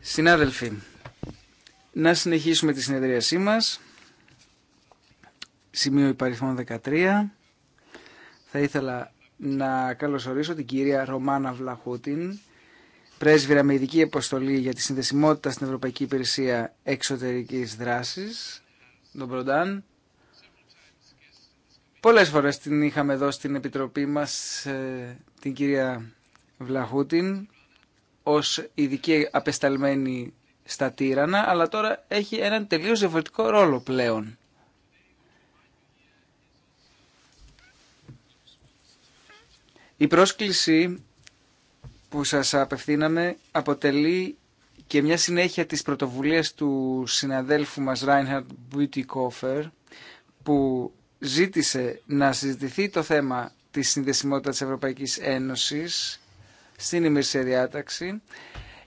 Συνάδελφοι, να συνεχίσουμε τη συνεδρίασή μας. Σημείο υπαριθμών 13. Θα ήθελα να καλωσορίσω την κυρία Ρωμάνα Βλαχούτιν, πρέσβυρα με ειδική αποστολή για τη συνδεσιμότητα στην Ευρωπαϊκή Υπηρεσία Εξωτερικής Δράσης, τον Προντάν. Πολλές φορές την είχαμε εδώ στην Επιτροπή μας, ε, την κυρία Βλαχούτιν ως ειδική απεσταλμένη στα τύρανα, αλλά τώρα έχει έναν τελείως διαφορετικό ρόλο πλέον. Η πρόσκληση που σας απευθύναμε αποτελεί και μια συνέχεια της πρωτοβουλίας του συναδέλφου μας Reinhard Bütikofer που ζήτησε να συζητηθεί το θέμα της συνδεσιμότητας της Ευρωπαϊκής Ένωσης στην ημερησία διάταξη.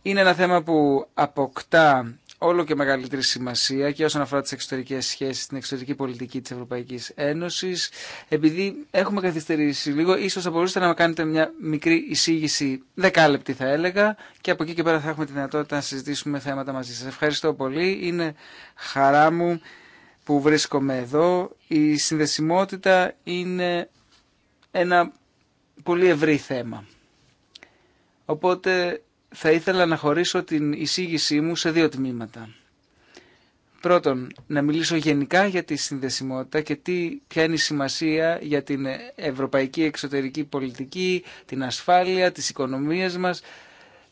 Είναι ένα θέμα που αποκτά όλο και μεγαλύτερη σημασία και όσον αφορά τις εξωτερικές σχέσεις, την εξωτερική πολιτική της Ευρωπαϊκής Ένωσης. Επειδή έχουμε καθυστερήσει λίγο, ίσως θα μπορούσατε να κάνετε μια μικρή εισήγηση, δεκάλεπτη θα έλεγα, και από εκεί και πέρα θα έχουμε τη δυνατότητα να συζητήσουμε θέματα μαζί σας. Ευχαριστώ πολύ, είναι χαρά μου που βρίσκομαι εδώ. Η συνδεσιμότητα είναι ένα πολύ ευρύ θέμα. Οπότε θα ήθελα να χωρίσω την εισήγησή μου σε δύο τμήματα. Πρώτον, να μιλήσω γενικά για τη συνδεσιμότητα και τι, ποια είναι η σημασία για την ευρωπαϊκή εξωτερική πολιτική, την ασφάλεια, τις οικονομίες μας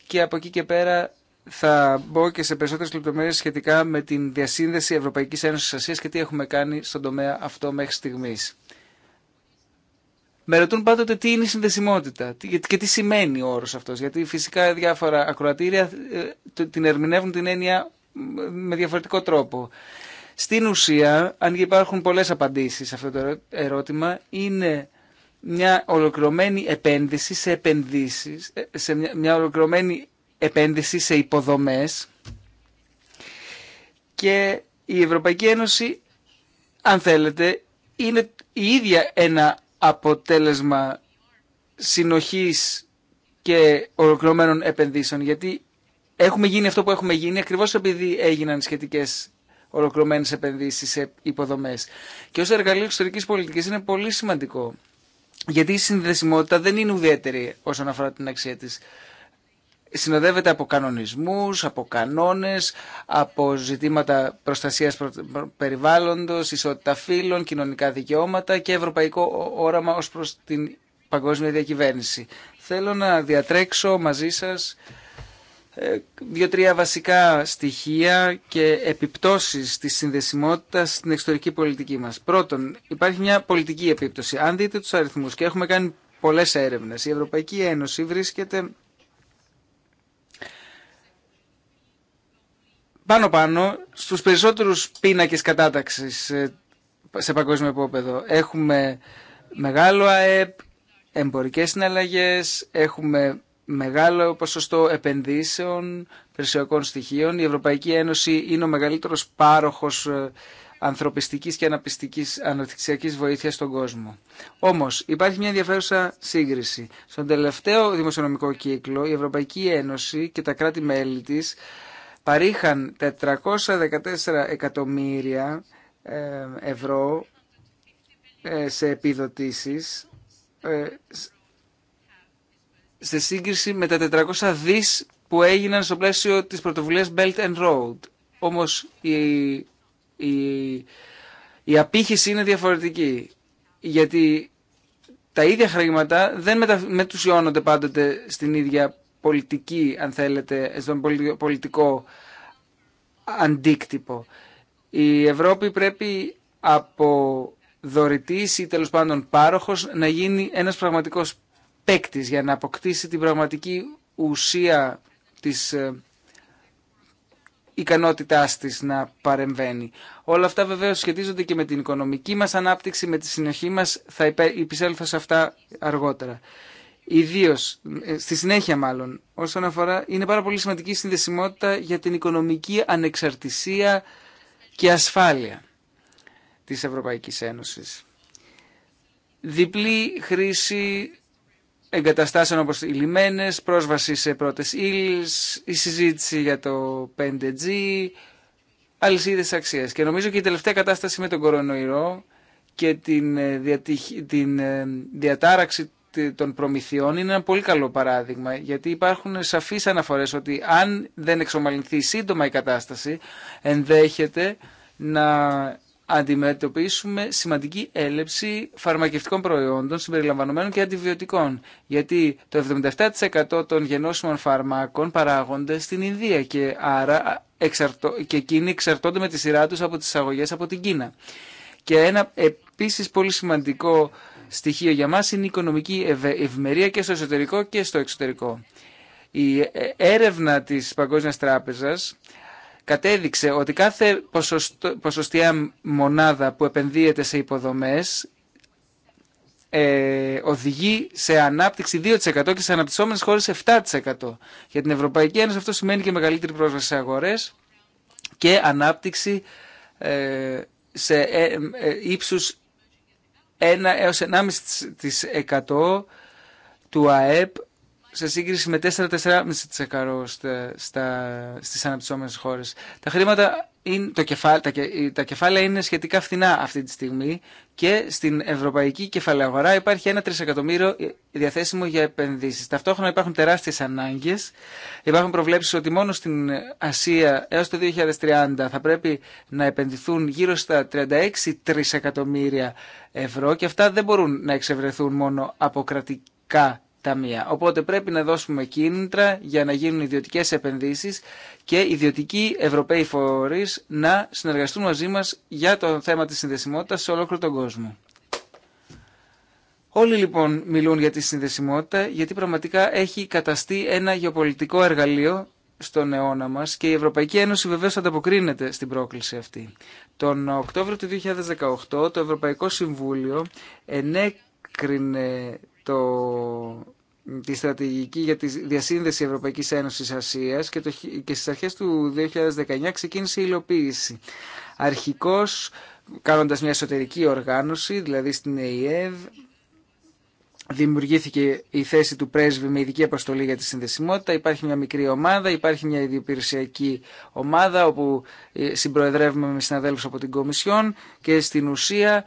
και από εκεί και πέρα θα μπω και σε περισσότερες λεπτομέρειες σχετικά με την διασύνδεση Ευρωπαϊκής Ένωσης Ασίας και τι έχουμε κάνει στον τομέα αυτό μέχρι στιγμής. Με ρωτούν πάντοτε τι είναι η συνδεσιμότητα και τι σημαίνει ο όρος αυτός. Γιατί φυσικά διάφορα ακροατήρια ε, την ερμηνεύουν την έννοια με διαφορετικό τρόπο. Στην ουσία, αν υπάρχουν πολλές απαντήσεις σε αυτό το ερώτημα, είναι μια ολοκληρωμένη επένδυση σε επενδύσεις, ε, σε μια, μια ολοκληρωμένη επένδυση σε υποδομές και η Ευρωπαϊκή Ένωση, αν θέλετε, είναι η ίδια ένα αποτέλεσμα συνοχής και ολοκληρωμένων επενδύσεων. Γιατί έχουμε γίνει αυτό που έχουμε γίνει ακριβώς επειδή έγιναν σχετικές ολοκληρωμένες επενδύσεις σε υποδομές. Και ως εργαλείο εξωτερικής πολιτικής είναι πολύ σημαντικό. Γιατί η συνδεσιμότητα δεν είναι ουδέτερη όσον αφορά την αξία της συνοδεύεται από κανονισμούς, από κανόνες, από ζητήματα προστασίας περιβάλλοντος, ισότητα φύλων, κοινωνικά δικαιώματα και ευρωπαϊκό όραμα ως προς την παγκόσμια διακυβέρνηση. Θέλω να διατρέξω μαζί σας ε, δύο-τρία βασικά στοιχεία και επιπτώσεις της συνδεσιμότητας στην εξωτερική πολιτική μας. Πρώτον, υπάρχει μια πολιτική επίπτωση. Αν δείτε τους αριθμούς και έχουμε κάνει πολλές έρευνες, η Ευρωπαϊκή Ένωση βρίσκεται πάνω-πάνω στους περισσότερους πίνακες κατάταξης ε, σε παγκόσμιο επίπεδο. Έχουμε μεγάλο ΑΕΠ, εμπορικές συναλλαγές, έχουμε μεγάλο ποσοστό επενδύσεων, περισσοκών στοιχείων. Η Ευρωπαϊκή Ένωση είναι ο μεγαλύτερος πάροχος ε, ανθρωπιστικής και αναπτυξιακής βοήθειας στον κόσμο. Όμως υπάρχει μια ενδιαφέρουσα σύγκριση. Στον τελευταίο δημοσιονομικό κύκλο η Ευρωπαϊκή Ένωση και τα κράτη-μέλη της παρήχαν 414 εκατομμύρια ε, ευρώ ε, σε επιδοτήσεις ε, σε σύγκριση με τα 400 δις που έγιναν στο πλαίσιο της πρωτοβουλίας Belt and Road. Όμως η, η, η απήχηση είναι διαφορετική, γιατί τα ίδια χρήματα δεν μετα, μετουσιώνονται πάντοτε στην ίδια πολιτική, αν θέλετε, στον πολιτικό αντίκτυπο. Η Ευρώπη πρέπει από δωρητής ή τέλος πάντων πάροχος να γίνει ένας πραγματικός παίκτη για να αποκτήσει την πραγματική ουσία της ε, ικανότητάς της να παρεμβαίνει. Όλα αυτά βεβαίως σχετίζονται και με την οικονομική μας ανάπτυξη, με τη συνοχή μας, θα υπησέλθω σε αυτά αργότερα. Ιδίω ε, στη συνέχεια μάλλον, όσον αφορά, είναι πάρα πολύ σημαντική η συνδεσιμότητα για την οικονομική ανεξαρτησία και ασφάλεια της Ευρωπαϊκής Ένωσης. Διπλή χρήση εγκαταστάσεων όπως οι λιμένες, πρόσβαση σε πρώτες ύλες, η συζήτηση για το 5G, αλυσίδες αξίες. Και νομίζω και η τελευταία κατάσταση με τον κορονοϊρό και την, ε, την ε, διατάραξη των προμηθειών είναι ένα πολύ καλό παράδειγμα γιατί υπάρχουν σαφείς αναφορές ότι αν δεν εξομαλυνθεί σύντομα η κατάσταση ενδέχεται να αντιμετωπίσουμε σημαντική έλλειψη φαρμακευτικών προϊόντων συμπεριλαμβανομένων και αντιβιωτικών. Γιατί το 77% των γενώσιμων φαρμάκων παράγονται στην Ινδία και άρα και εκείνοι εξαρτώνται με τη σειρά τους από τις εισαγωγές από την Κίνα. Και ένα επίσης πολύ σημαντικό στοιχείο για μας είναι η οικονομική ευημερία και στο εσωτερικό και στο εξωτερικό. Η ε, έρευνα της Παγκόσμιας Τράπεζας κατέδειξε ότι κάθε ποσοστο, ποσοστιαία μονάδα που επενδύεται σε υποδομές ε, οδηγεί σε ανάπτυξη 2% και σε αναπτυσσόμενες χώρες 7%. Για την Ευρωπαϊκή Ένωση αυτό σημαίνει και μεγαλύτερη πρόσβαση σε αγορές και ανάπτυξη ε, σε ε, ε ύψους 1 έως 1,5% του ΑΕΠ σε σύγκριση με 4-4,5% στις αναπτυσσόμενες χώρες. Τα χρήματα, είναι, το κεφάλ, τα, τα κεφάλαια είναι σχετικά φθηνά αυτή τη στιγμή και στην ευρωπαϊκή κεφαλαία αγορά υπάρχει ένα τρισεκατομμύριο διαθέσιμο για επενδύσεις. Ταυτόχρονα υπάρχουν τεράστιες ανάγκες. Υπάρχουν προβλέψεις ότι μόνο στην Ασία έως το 2030 θα πρέπει να επενδυθούν γύρω στα 36 τρισεκατομμύρια ευρώ και αυτά δεν μπορούν να εξευρεθούν μόνο από κρατικά ταμεία. Οπότε πρέπει να δώσουμε κίνητρα για να γίνουν ιδιωτικέ επενδύσει και ιδιωτικοί Ευρωπαίοι φορεί να συνεργαστούν μαζί μα για το θέμα τη συνδεσιμότητα σε ολόκληρο τον κόσμο. Όλοι λοιπόν μιλούν για τη συνδεσιμότητα γιατί πραγματικά έχει καταστεί ένα γεωπολιτικό εργαλείο στον αιώνα μας και η Ευρωπαϊκή Ένωση βεβαίως ανταποκρίνεται στην πρόκληση αυτή. Τον Οκτώβριο του 2018 το Ευρωπαϊκό Συμβούλιο ενέκρινε το τη στρατηγική για τη διασύνδεση Ευρωπαϊκής Ένωση Ασία και, το, και στις αρχές του 2019 ξεκίνησε η υλοποίηση. Αρχικώ κάνοντας μια εσωτερική οργάνωση, δηλαδή στην ΕΕΔ, δημιουργήθηκε η θέση του πρέσβη με ειδική αποστολή για τη συνδεσιμότητα, υπάρχει μια μικρή ομάδα, υπάρχει μια ιδιοπηρεσιακή ομάδα όπου ε, συμπροεδρεύουμε με συναδέλφους από την Κομισιόν και στην ουσία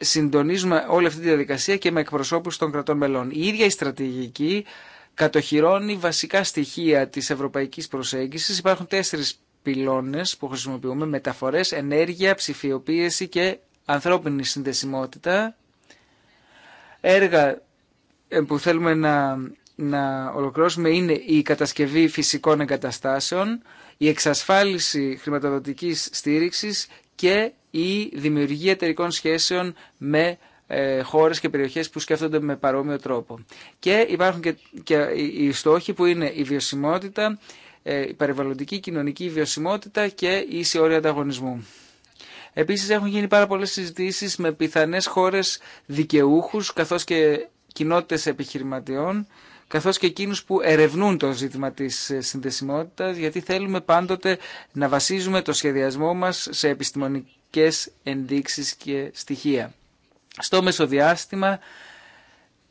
συντονίζουμε όλη αυτή τη διαδικασία και με εκπροσώπους των κρατών μελών. Η ίδια η στρατηγική κατοχυρώνει βασικά στοιχεία της ευρωπαϊκής προσέγγισης. Υπάρχουν τέσσερις πυλώνες που χρησιμοποιούμε, μεταφορές, ενέργεια, ψηφιοποίηση και ανθρώπινη συνδεσιμότητα. Έργα ε, που θέλουμε να, να ολοκληρώσουμε είναι η κατασκευή φυσικών εγκαταστάσεων, η εξασφάλιση χρηματοδοτικής στήριξης και η δημιουργία εταιρικών σχέσεων με ε, χώρες και περιοχές που σκέφτονται με παρόμοιο τρόπο. Και υπάρχουν και, και οι στόχοι που είναι η βιωσιμότητα, ε, η περιβαλλοντική, κοινωνική βιωσιμότητα και η όρια ανταγωνισμού. Επίσης έχουν γίνει πάρα πολλές συζητήσεις με πιθανές χώρες δικαιούχους καθώς και κοινότητες επιχειρηματιών καθώς και εκείνους που ερευνούν το ζήτημα της ε, συνδεσιμότητας, γιατί θέλουμε πάντοτε να βασίζουμε το σχεδιασμό μας σε επιστημονικές ενδείξεις και στοιχεία. Στο μεσοδιάστημα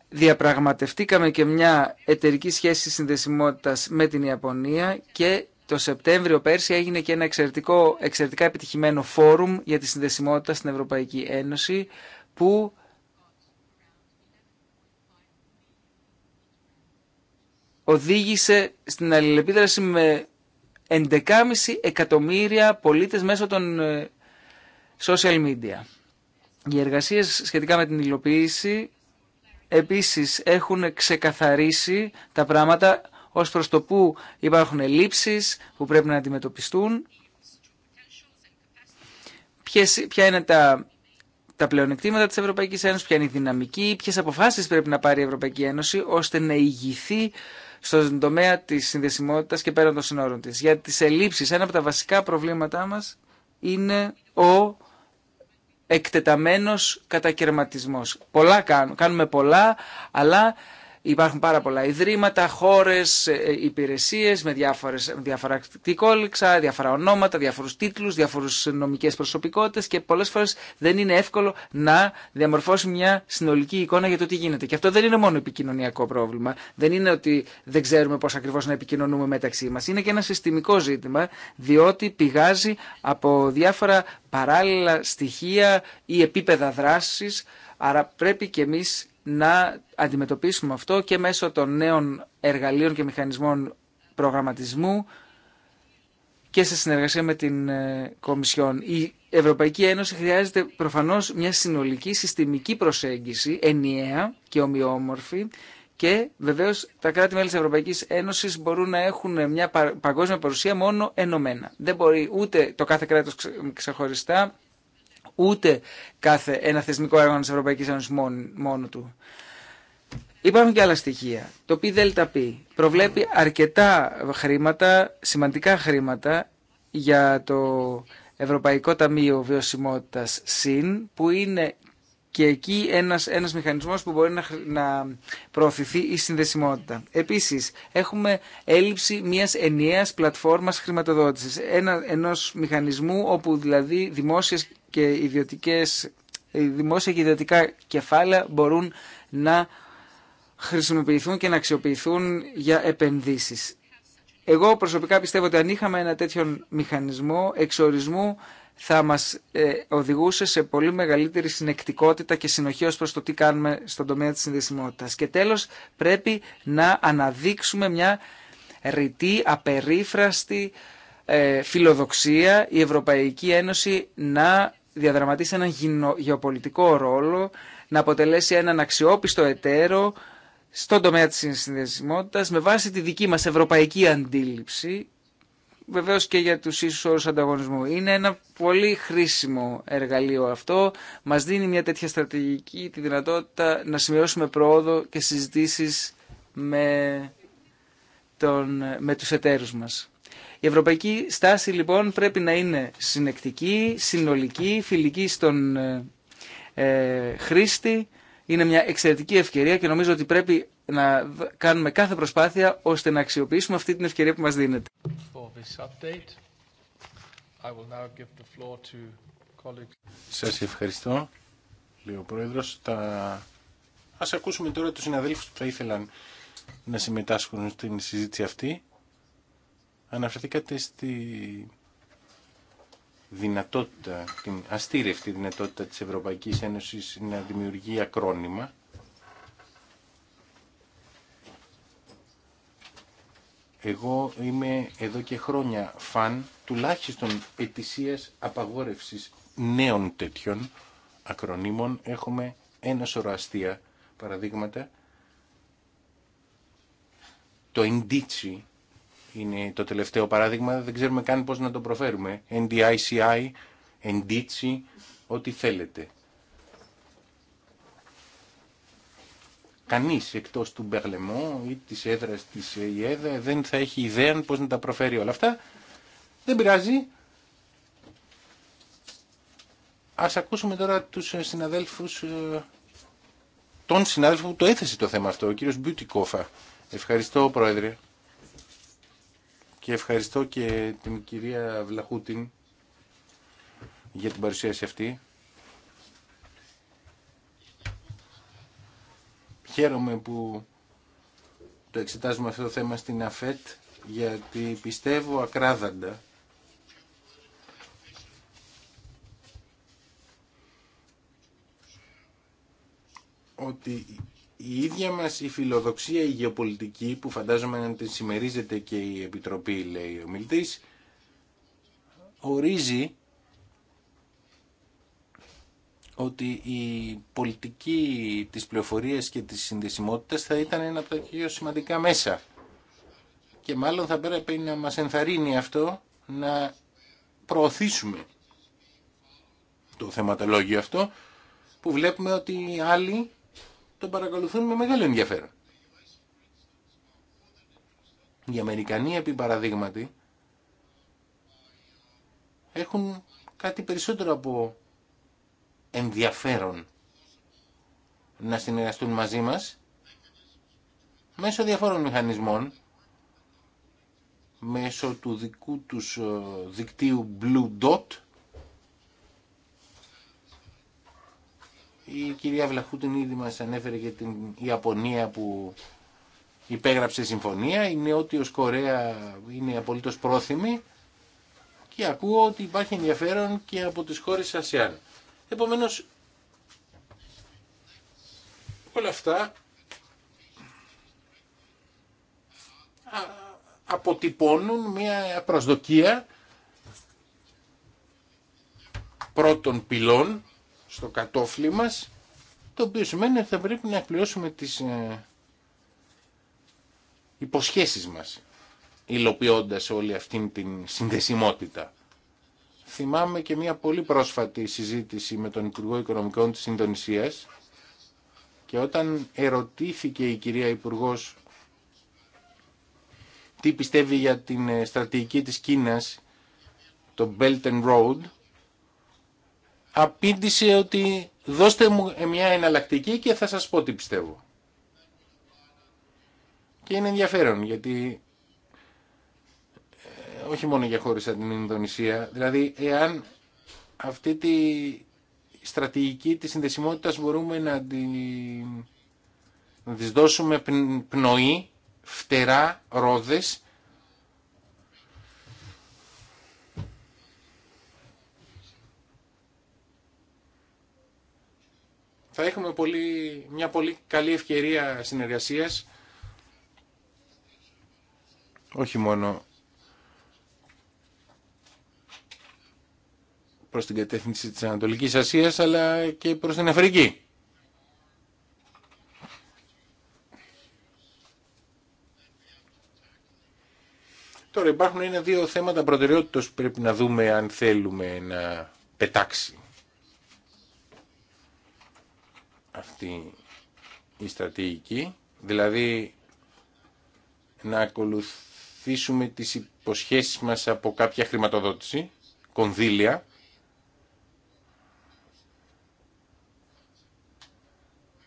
διαπραγματευτήκαμε και μια εταιρική σχέση συνδεσιμότητας με την Ιαπωνία και το Σεπτέμβριο πέρσι έγινε και ένα εξαιρετικά επιτυχημένο φόρουμ για τη συνδεσιμότητα στην Ευρωπαϊκή Ένωση που οδήγησε στην αλληλεπίδραση με 11,5 εκατομμύρια πολίτες μέσω των ε, social media. Οι εργασίες σχετικά με την υλοποίηση επίσης έχουν ξεκαθαρίσει τα πράγματα ως προς το που υπάρχουν ελλείψεις που πρέπει να αντιμετωπιστούν, ποια είναι τα, τα πλεονεκτήματα της Ευρωπαϊκής Ένωσης, ποια είναι η δυναμική, ποιες αποφάσεις πρέπει να πάρει η Ευρωπαϊκή Ένωση ώστε να ηγηθεί στον τομέα τη συνδεσιμότητας και πέραν των συνόρων της. Για τι ελλείψει, ένα από τα βασικά προβλήματά μας είναι ο εκτεταμένος κατακαιρματισμός. Πολλά κάνουμε, κάνουμε πολλά, αλλά Υπάρχουν πάρα πολλά ιδρύματα, χώρε, ε, υπηρεσίε, με διάφορα κτικόληξα, διάφορα ονόματα, διάφορου τίτλου, διάφορου νομικέ προσωπικότητε και πολλέ φορέ δεν είναι εύκολο να διαμορφώσει μια συνολική εικόνα για το τι γίνεται. Και αυτό δεν είναι μόνο επικοινωνιακό πρόβλημα. Δεν είναι ότι δεν ξέρουμε πώ ακριβώ να επικοινωνούμε μεταξύ μα. Είναι και ένα συστημικό ζήτημα, διότι πηγάζει από διάφορα παράλληλα στοιχεία ή επίπεδα δράση. άρα πρέπει και εμείς να αντιμετωπίσουμε αυτό και μέσω των νέων εργαλείων και μηχανισμών προγραμματισμού και σε συνεργασία με την ε, Κομισιόν. Η Ευρωπαϊκή Ένωση χρειάζεται προφανώς μια συνολική συστημική προσέγγιση, ενιαία και ομοιόμορφη και βεβαίως τα κράτη-μέλη της Ευρωπαϊκής Ένωσης μπορούν να έχουν μια παγκόσμια παρουσία μόνο ενωμένα. Δεν μπορεί ούτε το κάθε κράτος ξεχωριστά ούτε κάθε ένα θεσμικό έργο της Ευρωπαϊκής Ένωσης μόνο του. Υπάρχουν και άλλα στοιχεία. Το ΠΔΠ προβλέπει αρκετά χρήματα, σημαντικά χρήματα για το Ευρωπαϊκό Ταμείο Βιωσιμότητας ΣΥΝ που είναι και εκεί ένας, ένας μηχανισμός που μπορεί να, να προωθηθεί η συνδεσιμότητα. Επίσης, έχουμε έλλειψη μιας ενιαίας πλατφόρμας χρηματοδότησης, ένα, ενός μηχανισμού όπου δηλαδή δημόσιες και ιδιωτικές, δημόσια και ιδιωτικά κεφάλαια μπορούν να χρησιμοποιηθούν και να αξιοποιηθούν για επενδύσεις. Εγώ προσωπικά πιστεύω ότι αν είχαμε ένα τέτοιον μηχανισμό εξορισμού θα μας ε, οδηγούσε σε πολύ μεγαλύτερη συνεκτικότητα και συνοχή ως προς το τι κάνουμε στον τομέα της συνδεσιμότητας. Και τέλος πρέπει να αναδείξουμε μια ρητή, απερίφραστη ε, φιλοδοξία η Ευρωπαϊκή Ένωση να διαδραματίσει έναν γεωπολιτικό ρόλο, να αποτελέσει έναν αξιόπιστο εταίρο στον τομέα της συνδεσιμότητας με βάση τη δική μας ευρωπαϊκή αντίληψη, βεβαίως και για τους ίσους όρους ανταγωνισμού. Είναι ένα πολύ χρήσιμο εργαλείο αυτό. Μας δίνει μια τέτοια στρατηγική τη δυνατότητα να σημειώσουμε πρόοδο και συζητήσεις με, τον, με τους εταίρους μας. Η ευρωπαϊκή στάση λοιπόν πρέπει να είναι συνεκτική, συνολική, φιλική στον ε, ε χρήστη. Είναι μια εξαιρετική ευκαιρία και νομίζω ότι πρέπει να κάνουμε κάθε προσπάθεια ώστε να αξιοποιήσουμε αυτή την ευκαιρία που μας δίνεται. Σας ευχαριστώ, λέει ο Πρόεδρος. Τα... Ας ακούσουμε τώρα τους συναδέλφους που θα ήθελαν να συμμετάσχουν στην συζήτηση αυτή. Αναφερθήκατε στη δυνατότητα, την αστήρευτη δυνατότητα της Ευρωπαϊκής Ένωσης να δημιουργεί ακρόνημα. Εγώ είμαι εδώ και χρόνια φαν τουλάχιστον ετησίας απαγόρευσης νέων τέτοιων ακρονίμων. Έχουμε ένα σωρό αστεία παραδείγματα. Το «Εντίτσι» είναι το τελευταίο παράδειγμα, δεν ξέρουμε καν πώς να το προφέρουμε. NDICI, NDICI, ό,τι θέλετε. Κανείς εκτός του Μπερλεμό ή της έδρας της ΕΙΕΔ δεν θα έχει ιδέα πώς να τα προφέρει όλα αυτά. Δεν πειράζει. Ας ακούσουμε τώρα τους ε, συναδέλφους, ε, τον συνάδελφο που το έθεσε το θέμα αυτό, ο κύριος Μπιουτικόφα. Ευχαριστώ, Πρόεδρε και ευχαριστώ και την κυρία Βλαχούτιν για την παρουσίαση αυτή. Χαίρομαι που το εξετάζουμε αυτό το θέμα στην ΑΦΕΤ γιατί πιστεύω ακράδαντα ότι η ίδια μας η φιλοδοξία η γεωπολιτική που φαντάζομαι να την συμμερίζεται και η Επιτροπή λέει ο Μιλτής ορίζει ότι η πολιτική της πληροφορίας και της συνδεσιμότητας θα ήταν ένα από τα πιο σημαντικά μέσα και μάλλον θα πρέπει να μας ενθαρρύνει αυτό να προωθήσουμε το θεματολόγιο αυτό που βλέπουμε ότι άλλοι τον παρακολουθούν με μεγάλο ενδιαφέρον. Οι Αμερικανοί, επί παραδείγματι, έχουν κάτι περισσότερο από ενδιαφέρον να συνεργαστούν μαζί μας μέσω διαφόρων μηχανισμών μέσω του δικού τους ε, δικτύου Blue Dot Η κυρία Βλαχούτιν ήδη μας ανέφερε για την Ιαπωνία που υπέγραψε συμφωνία. ότι ω Κορέα είναι απολύτως πρόθυμη και ακούω ότι υπάρχει ενδιαφέρον και από τις χώρες Ασιαν. Επομένως, όλα αυτά αποτυπώνουν μια προσδοκία πρώτων πυλών στο κατόφλι μας, το οποίο σημαίνει ότι θα πρέπει να εκπληρώσουμε τις ε, υποσχέσεις μας, υλοποιώντας όλη αυτή την συνδεσιμότητα. Θυμάμαι και μια πολύ πρόσφατη συζήτηση με τον Υπουργό Οικονομικών της Ινδονησίας και όταν ερωτήθηκε η κυρία Υπουργός τι πιστεύει για την ε, στρατηγική της Κίνας, το Belt and Road, απήντησε ότι δώστε μου μια εναλλακτική και θα σας πω τι πιστεύω. Και είναι ενδιαφέρον γιατί ε, όχι μόνο για χώρες σαν την Ινδονησία, δηλαδή εάν αυτή τη στρατηγική της συνδεσιμότητας μπορούμε να, τη, δώσουμε πνοή, φτερά, ρόδες θα έχουμε πολύ, μια πολύ καλή ευκαιρία συνεργασίας όχι μόνο προς την κατεύθυνση της Ανατολικής Ασίας αλλά και προς την Αφρική. Τώρα υπάρχουν ένα-δύο θέματα προτεραιότητας που πρέπει να δούμε αν θέλουμε να πετάξει αυτή η στρατηγική, δηλαδή να ακολουθήσουμε τις υποσχέσεις μας από κάποια χρηματοδότηση, κονδύλια,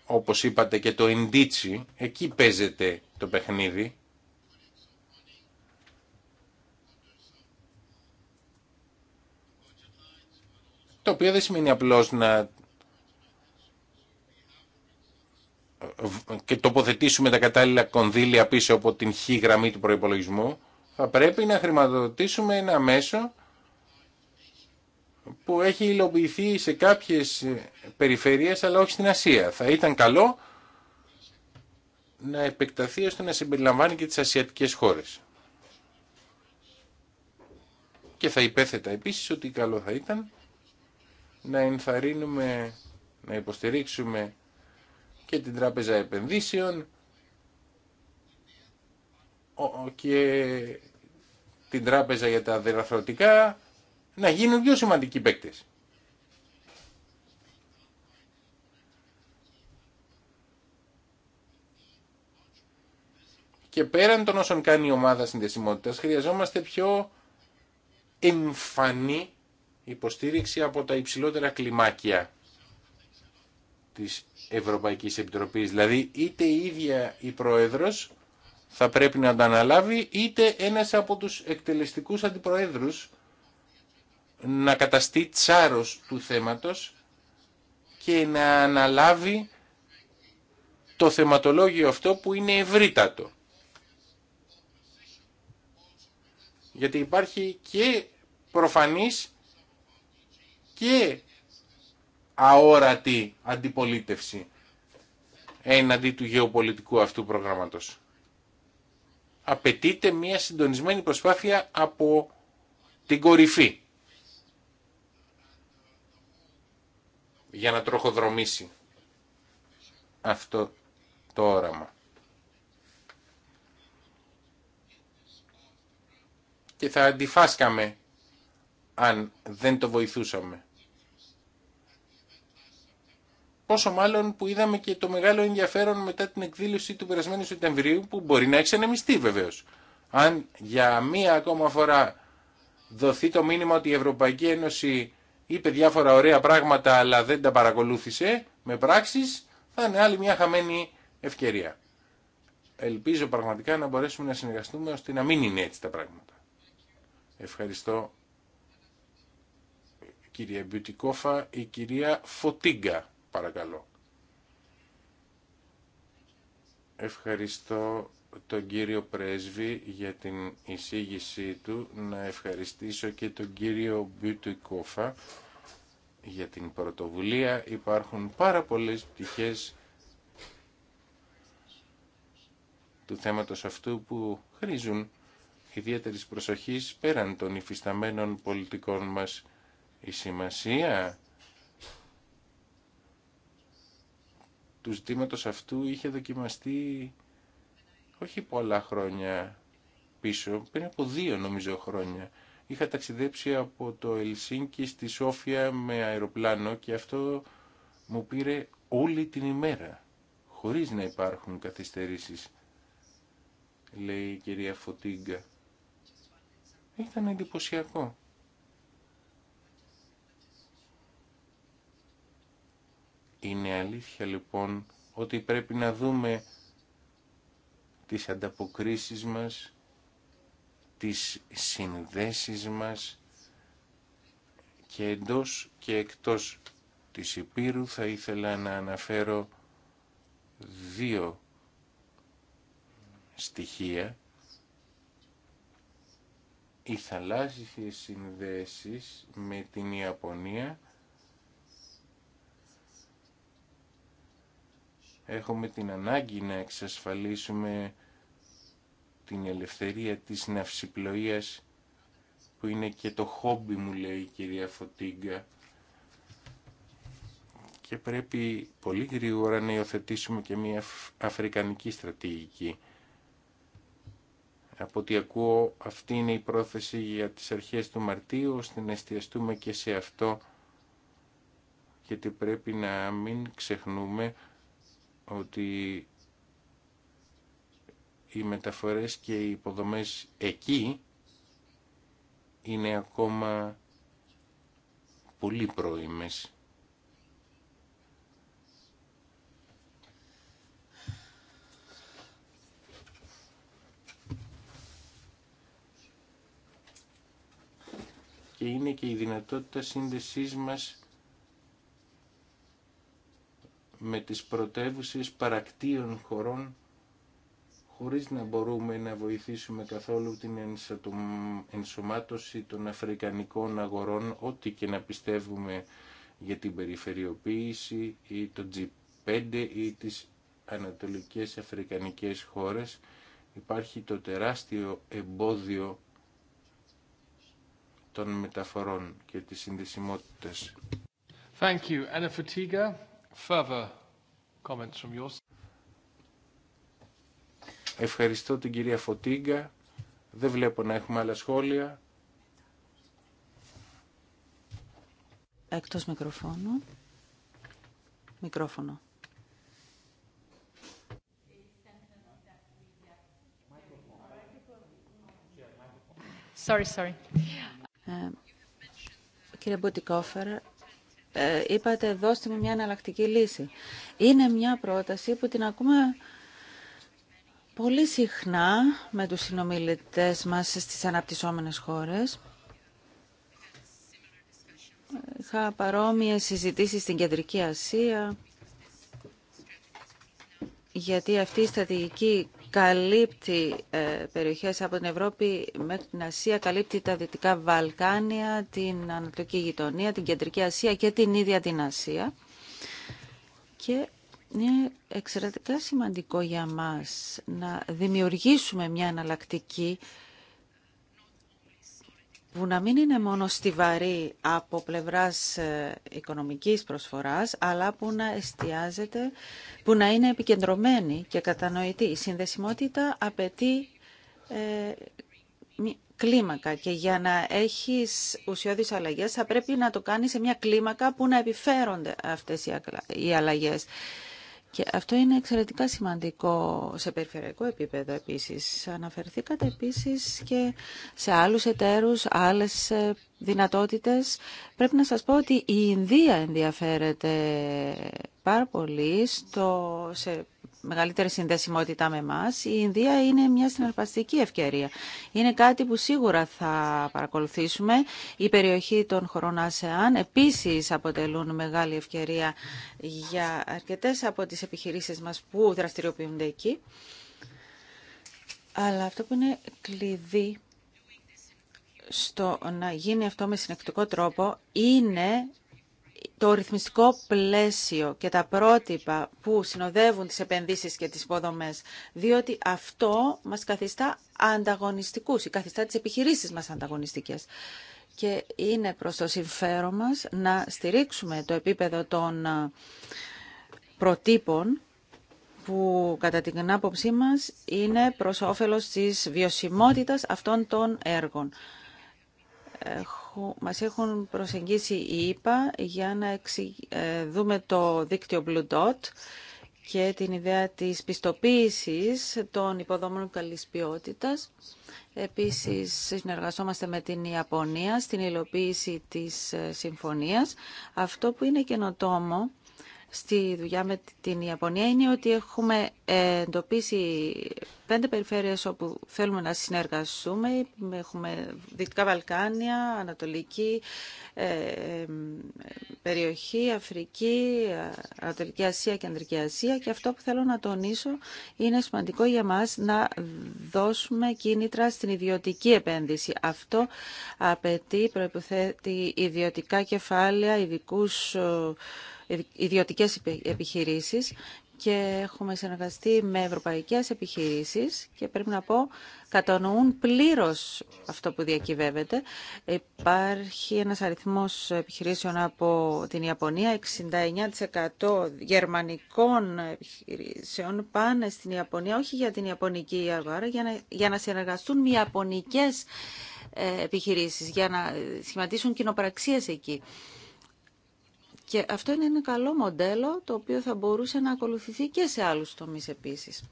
όπως είπατε και το Ιντίτσι, εκεί παίζεται το παιχνίδι. Το οποίο δεν σημαίνει απλώς να και τοποθετήσουμε τα κατάλληλα κονδύλια πίσω από την χ γραμμή του προϋπολογισμού, θα πρέπει να χρηματοδοτήσουμε ένα μέσο που έχει υλοποιηθεί σε κάποιες περιφερειές αλλά όχι στην Ασία. Θα ήταν καλό να επεκταθεί ώστε να συμπεριλαμβάνει και τις ασιατικές χώρες. Και θα υπέθετα επίσης ότι καλό θα ήταν να ενθαρρύνουμε, να υποστηρίξουμε και την Τράπεζα Επενδύσεων και την Τράπεζα για τα Δεραθρωτικά να γίνουν πιο σημαντικοί παίκτες. Και πέραν των όσων κάνει η ομάδα συνδεσιμότητας, χρειαζόμαστε πιο εμφανή υποστήριξη από τα υψηλότερα κλιμάκια της Ευρωπαϊκής Επιτροπής. Δηλαδή είτε η ίδια η Πρόεδρος θα πρέπει να τα αναλάβει είτε ένας από τους εκτελεστικούς αντιπροέδρους να καταστεί τσάρος του θέματος και να αναλάβει το θεματολόγιο αυτό που είναι ευρύτατο. Γιατί υπάρχει και προφανής και αόρατη αντιπολίτευση έναντι του γεωπολιτικού αυτού προγράμματος. Απαιτείται μια συντονισμένη προσπάθεια από την κορυφή για να τροχοδρομήσει αυτό το όραμα. Και θα αντιφάσκαμε αν δεν το βοηθούσαμε. Πόσο μάλλον που είδαμε και το μεγάλο ενδιαφέρον μετά την εκδήλωση του περασμένου Σεπτεμβρίου που μπορεί να εξανεμιστεί βεβαίω. Αν για μία ακόμα φορά δοθεί το μήνυμα ότι η Ευρωπαϊκή Ένωση είπε διάφορα ωραία πράγματα αλλά δεν τα παρακολούθησε με πράξεις, θα είναι άλλη μια χαμένη ευκαιρία. Ελπίζω πραγματικά να μπορέσουμε να συνεργαστούμε ώστε να μην είναι έτσι τα πράγματα. Ευχαριστώ κυρία Μπιουτικόφα, η κυρία Φωτίγκα. Παρακαλώ. Ευχαριστώ τον κύριο Πρέσβη για την εισήγησή του. Να ευχαριστήσω και τον κύριο Μπιουτουικόφα για την πρωτοβουλία. Υπάρχουν πάρα πολλές πτυχές του θέματος αυτού που χρήζουν ιδιαίτερης προσοχής πέραν των υφισταμένων πολιτικών μας. Η σημασία του ζητήματος αυτού είχε δοκιμαστεί όχι πολλά χρόνια πίσω, πριν από δύο νομίζω χρόνια. Είχα ταξιδέψει από το Ελσίνκι στη Σόφια με αεροπλάνο και αυτό μου πήρε όλη την ημέρα, χωρίς να υπάρχουν καθυστερήσεις, λέει η κυρία Φωτίγκα. Ήταν εντυπωσιακό. Είναι αλήθεια λοιπόν ότι πρέπει να δούμε τις ανταποκρίσεις μας, τις συνδέσεις μας και εντός και εκτός της Υπήρου θα ήθελα να αναφέρω δύο στοιχεία. Οι θαλάσσιες συνδέσεις με την Ιαπωνία έχουμε την ανάγκη να εξασφαλίσουμε την ελευθερία της ναυσιπλοείας που είναι και το χόμπι μου λέει η κυρία Φωτίγκα και πρέπει πολύ γρήγορα να υιοθετήσουμε και μια αφρικανική στρατηγική. Από ό,τι ακούω αυτή είναι η πρόθεση για τις αρχές του Μαρτίου ώστε να εστιαστούμε και σε αυτό γιατί πρέπει να μην ξεχνούμε ότι οι μεταφορές και οι υποδομές εκεί είναι ακόμα πολύ πρώιμες. Και είναι και η δυνατότητα σύνδεσής μας με τις πρωτεύουσες παρακτήων χωρών χωρίς να μπορούμε να βοηθήσουμε καθόλου την ενσωμάτωση των αφρικανικών αγορών ό,τι και να πιστεύουμε για την περιφερειοποίηση ή το G5 ή τις ανατολικές αφρικανικές χώρες υπάρχει το τεράστιο εμπόδιο των μεταφορών και της συνδεσιμότητας. Thank Further comments from yours. Ευχαριστώ την κυρία Φωτίγκα. Δεν βλέπω να έχουμε άλλα σχόλια. Εκτός μικροφώνου. Μικρόφωνο. Sorry, sorry. Ε, κύριε Μπουτικόφερ, ε, είπατε δώστε μου μια εναλλακτική λύση. Είναι μια πρόταση που την ακούμε πολύ συχνά με τους συνομιλητές μας στις αναπτυσσόμενες χώρες. Είχα παρόμοιες συζητήσεις στην Κεντρική Ασία, γιατί αυτή η στρατηγική καλύπτει ε, περιοχές από την Ευρώπη μέχρι την Ασία, καλύπτει τα Δυτικά Βαλκάνια, την Ανατολική Γειτονία, την Κεντρική Ασία και την ίδια την Ασία. Και είναι εξαιρετικά σημαντικό για μας να δημιουργήσουμε μια εναλλακτική που να μην είναι μόνο στιβαρή από πλευράς ε, οικονομικής προσφοράς, αλλά που να εστιάζεται, που να είναι επικεντρωμένη και κατανοητή. Η συνδεσιμότητα απαιτεί ε, κλίμακα και για να έχεις ουσιώδεις αλλαγές θα πρέπει να το κάνεις σε μια κλίμακα που να επιφέρονται αυτές οι αλλαγές. Και αυτό είναι εξαιρετικά σημαντικό σε περιφερειακό επίπεδο επίσης. Αναφερθήκατε επίσης και σε άλλους εταίρους, άλλες ε, δυνατότητες. Πρέπει να σας πω ότι η Ινδία ενδιαφέρεται πάρα πολύ στο, σε μεγαλύτερη συνδεσιμότητα με εμά, η Ινδία είναι μια συναρπαστική ευκαιρία. Είναι κάτι που σίγουρα θα παρακολουθήσουμε. Η περιοχή των χωρών ΑΣΕΑΝ επίσης αποτελούν μεγάλη ευκαιρία για αρκετές από τις επιχειρήσεις μα που δραστηριοποιούνται εκεί. Αλλά αυτό που είναι κλειδί στο να γίνει αυτό με συνεκτικό τρόπο είναι το ρυθμιστικό πλαίσιο και τα πρότυπα που συνοδεύουν τις επενδύσεις και τις υποδομές, διότι αυτό μας καθιστά ανταγωνιστικούς ή καθιστά τις επιχειρήσεις μας ανταγωνιστικές. Και είναι προς το συμφέρον μας να στηρίξουμε το επίπεδο των ε, προτύπων που κατά την άποψή μας είναι προς όφελος της βιωσιμότητας αυτών των έργων μα μας έχουν προσεγγίσει οι ΙΠΑ για να ε, δούμε το δίκτυο Blue Dot και την ιδέα της πιστοποίησης των υποδομών καλής ποιότητας. Επίσης, συνεργαζόμαστε με την Ιαπωνία στην υλοποίηση της ε, συμφωνίας. Αυτό που είναι καινοτόμο στη δουλειά με την Ιαπωνία είναι ότι έχουμε εντοπίσει πέντε περιφέρειες όπου θέλουμε να συνεργαστούμε. Έχουμε Δυτικά Βαλκάνια, Ανατολική ε, περιοχή, Αφρική, Ανατολική Ασία, και Ανδρική Ασία και αυτό που θέλω να τονίσω είναι σημαντικό για μας να δώσουμε κίνητρα στην ιδιωτική επένδυση. Αυτό απαιτεί, προϋποθέτει ιδιωτικά κεφάλαια, ειδικού ε, ιδιωτικές επιχειρήσεις και έχουμε συνεργαστεί με ευρωπαϊκές επιχειρήσεις και πρέπει να πω κατανοούν πλήρως αυτό που διακυβεύεται. Υπάρχει ένας αριθμός επιχειρήσεων από την Ιαπωνία, 69% γερμανικών επιχειρήσεων πάνε στην Ιαπωνία, όχι για την Ιαπωνική αγορά, για να, για να συνεργαστούν με Ιαπωνικές ε, επιχειρήσεις, για να σχηματίσουν κοινοπραξίες εκεί. Και αυτό είναι ένα καλό μοντέλο το οποίο θα μπορούσε να ακολουθηθεί και σε άλλους τομείς επίσης.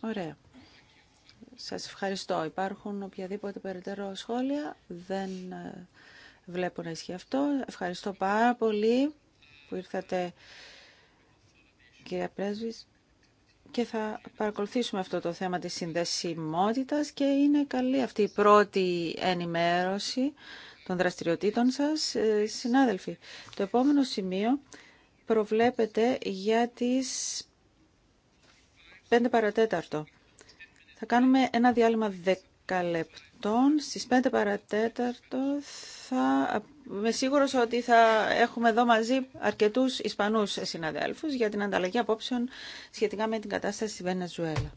Ωραία. Σας ευχαριστώ. Υπάρχουν οποιαδήποτε περαιτέρω σχόλια. Δεν ε, βλέπω να ισχύει αυτό. Ευχαριστώ πάρα πολύ που ήρθατε κυρία Πρέσβης και θα παρακολουθήσουμε αυτό το θέμα της συνδεσιμότητας και είναι καλή αυτή η πρώτη ενημέρωση των δραστηριοτήτων σας. Ε, συνάδελφοι, το επόμενο σημείο προβλέπεται για τις 5 παρατέταρτο. Θα κάνουμε ένα διάλειμμα 10 λεπτών. Στις 5 παρατέταρτο θα... Είμαι σίγουρος ότι θα έχουμε εδώ μαζί αρκετούς Ισπανούς συναδέλφους για την ανταλλαγή απόψεων σχετικά με την κατάσταση στη Βενεζουέλα.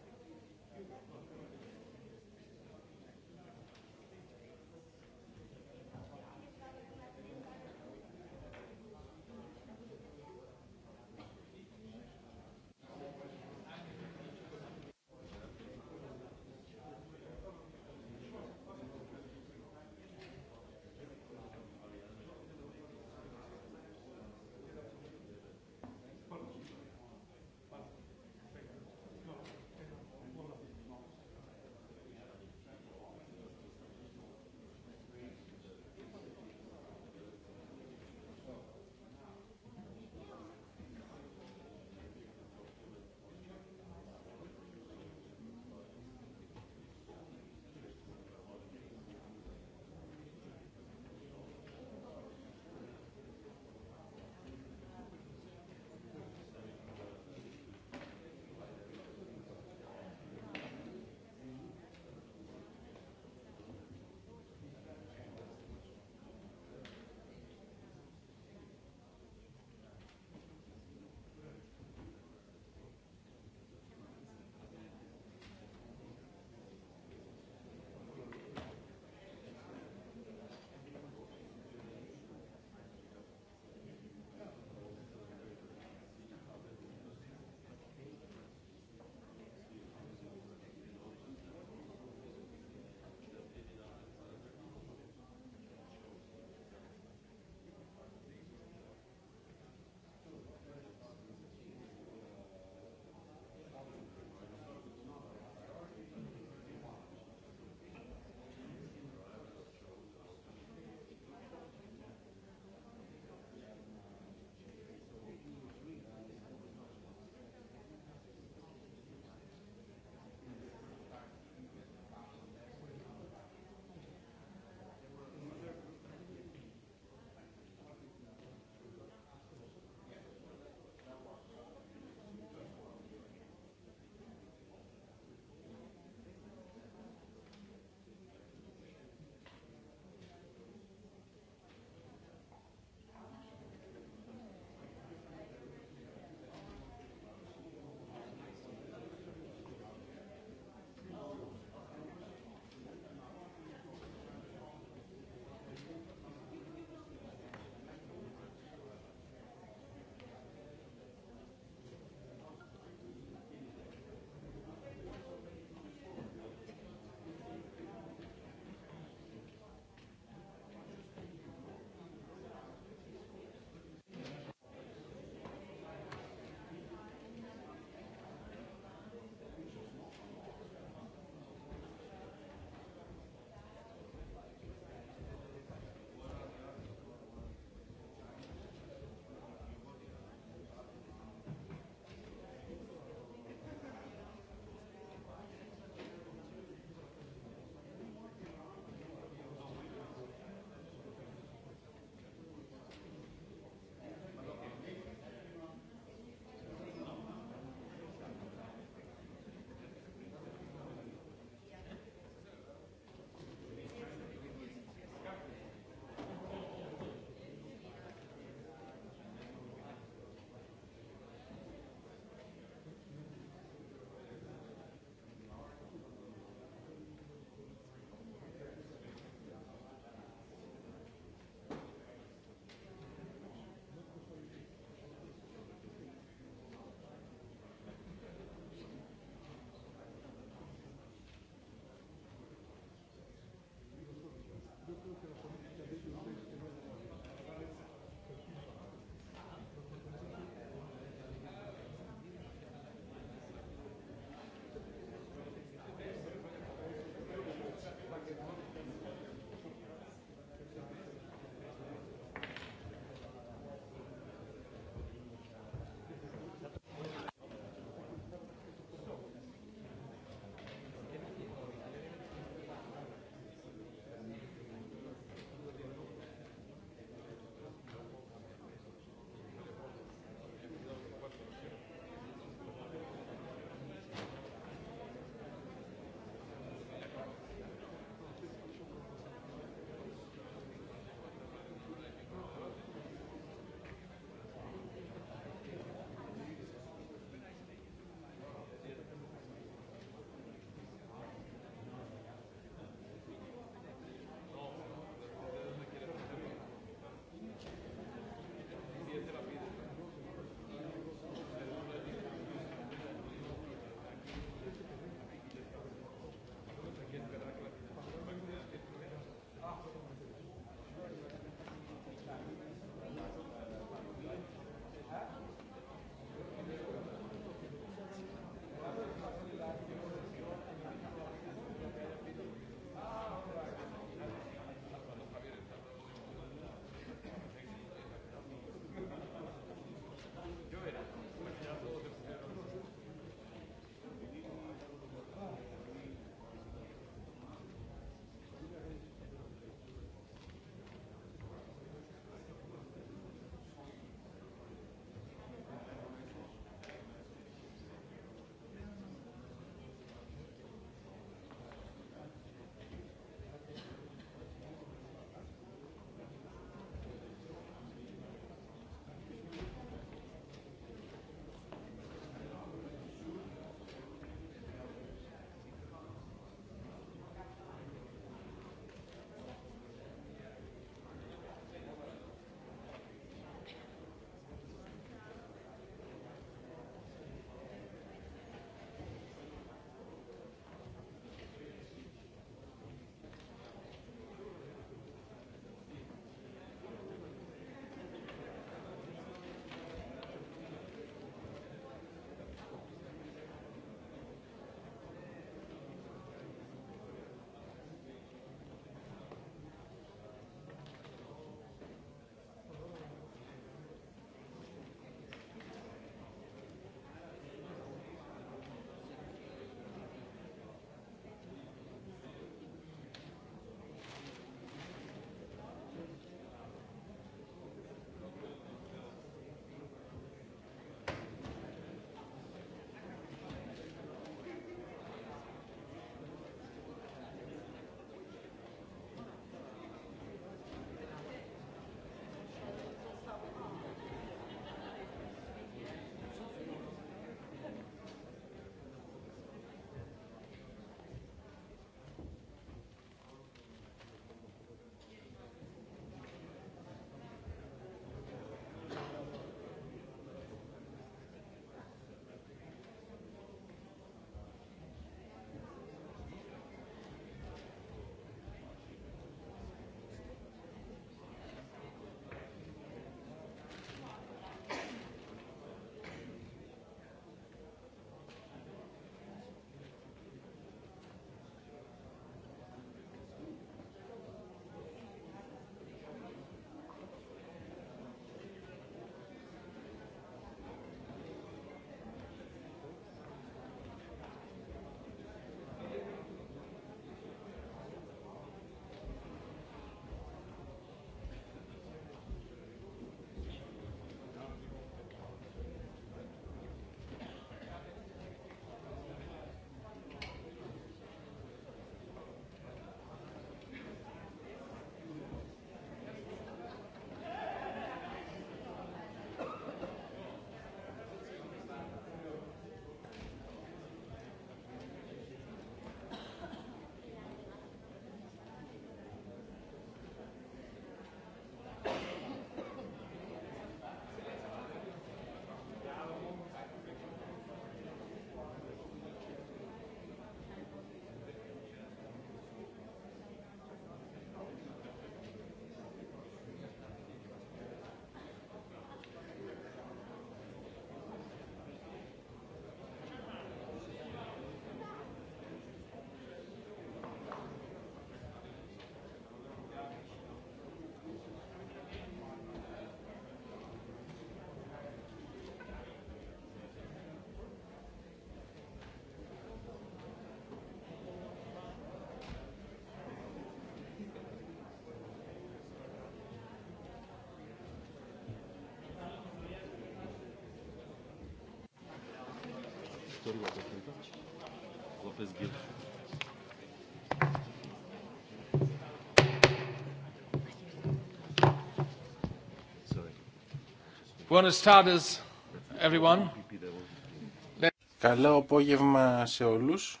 Καλό απόγευμα σε όλους.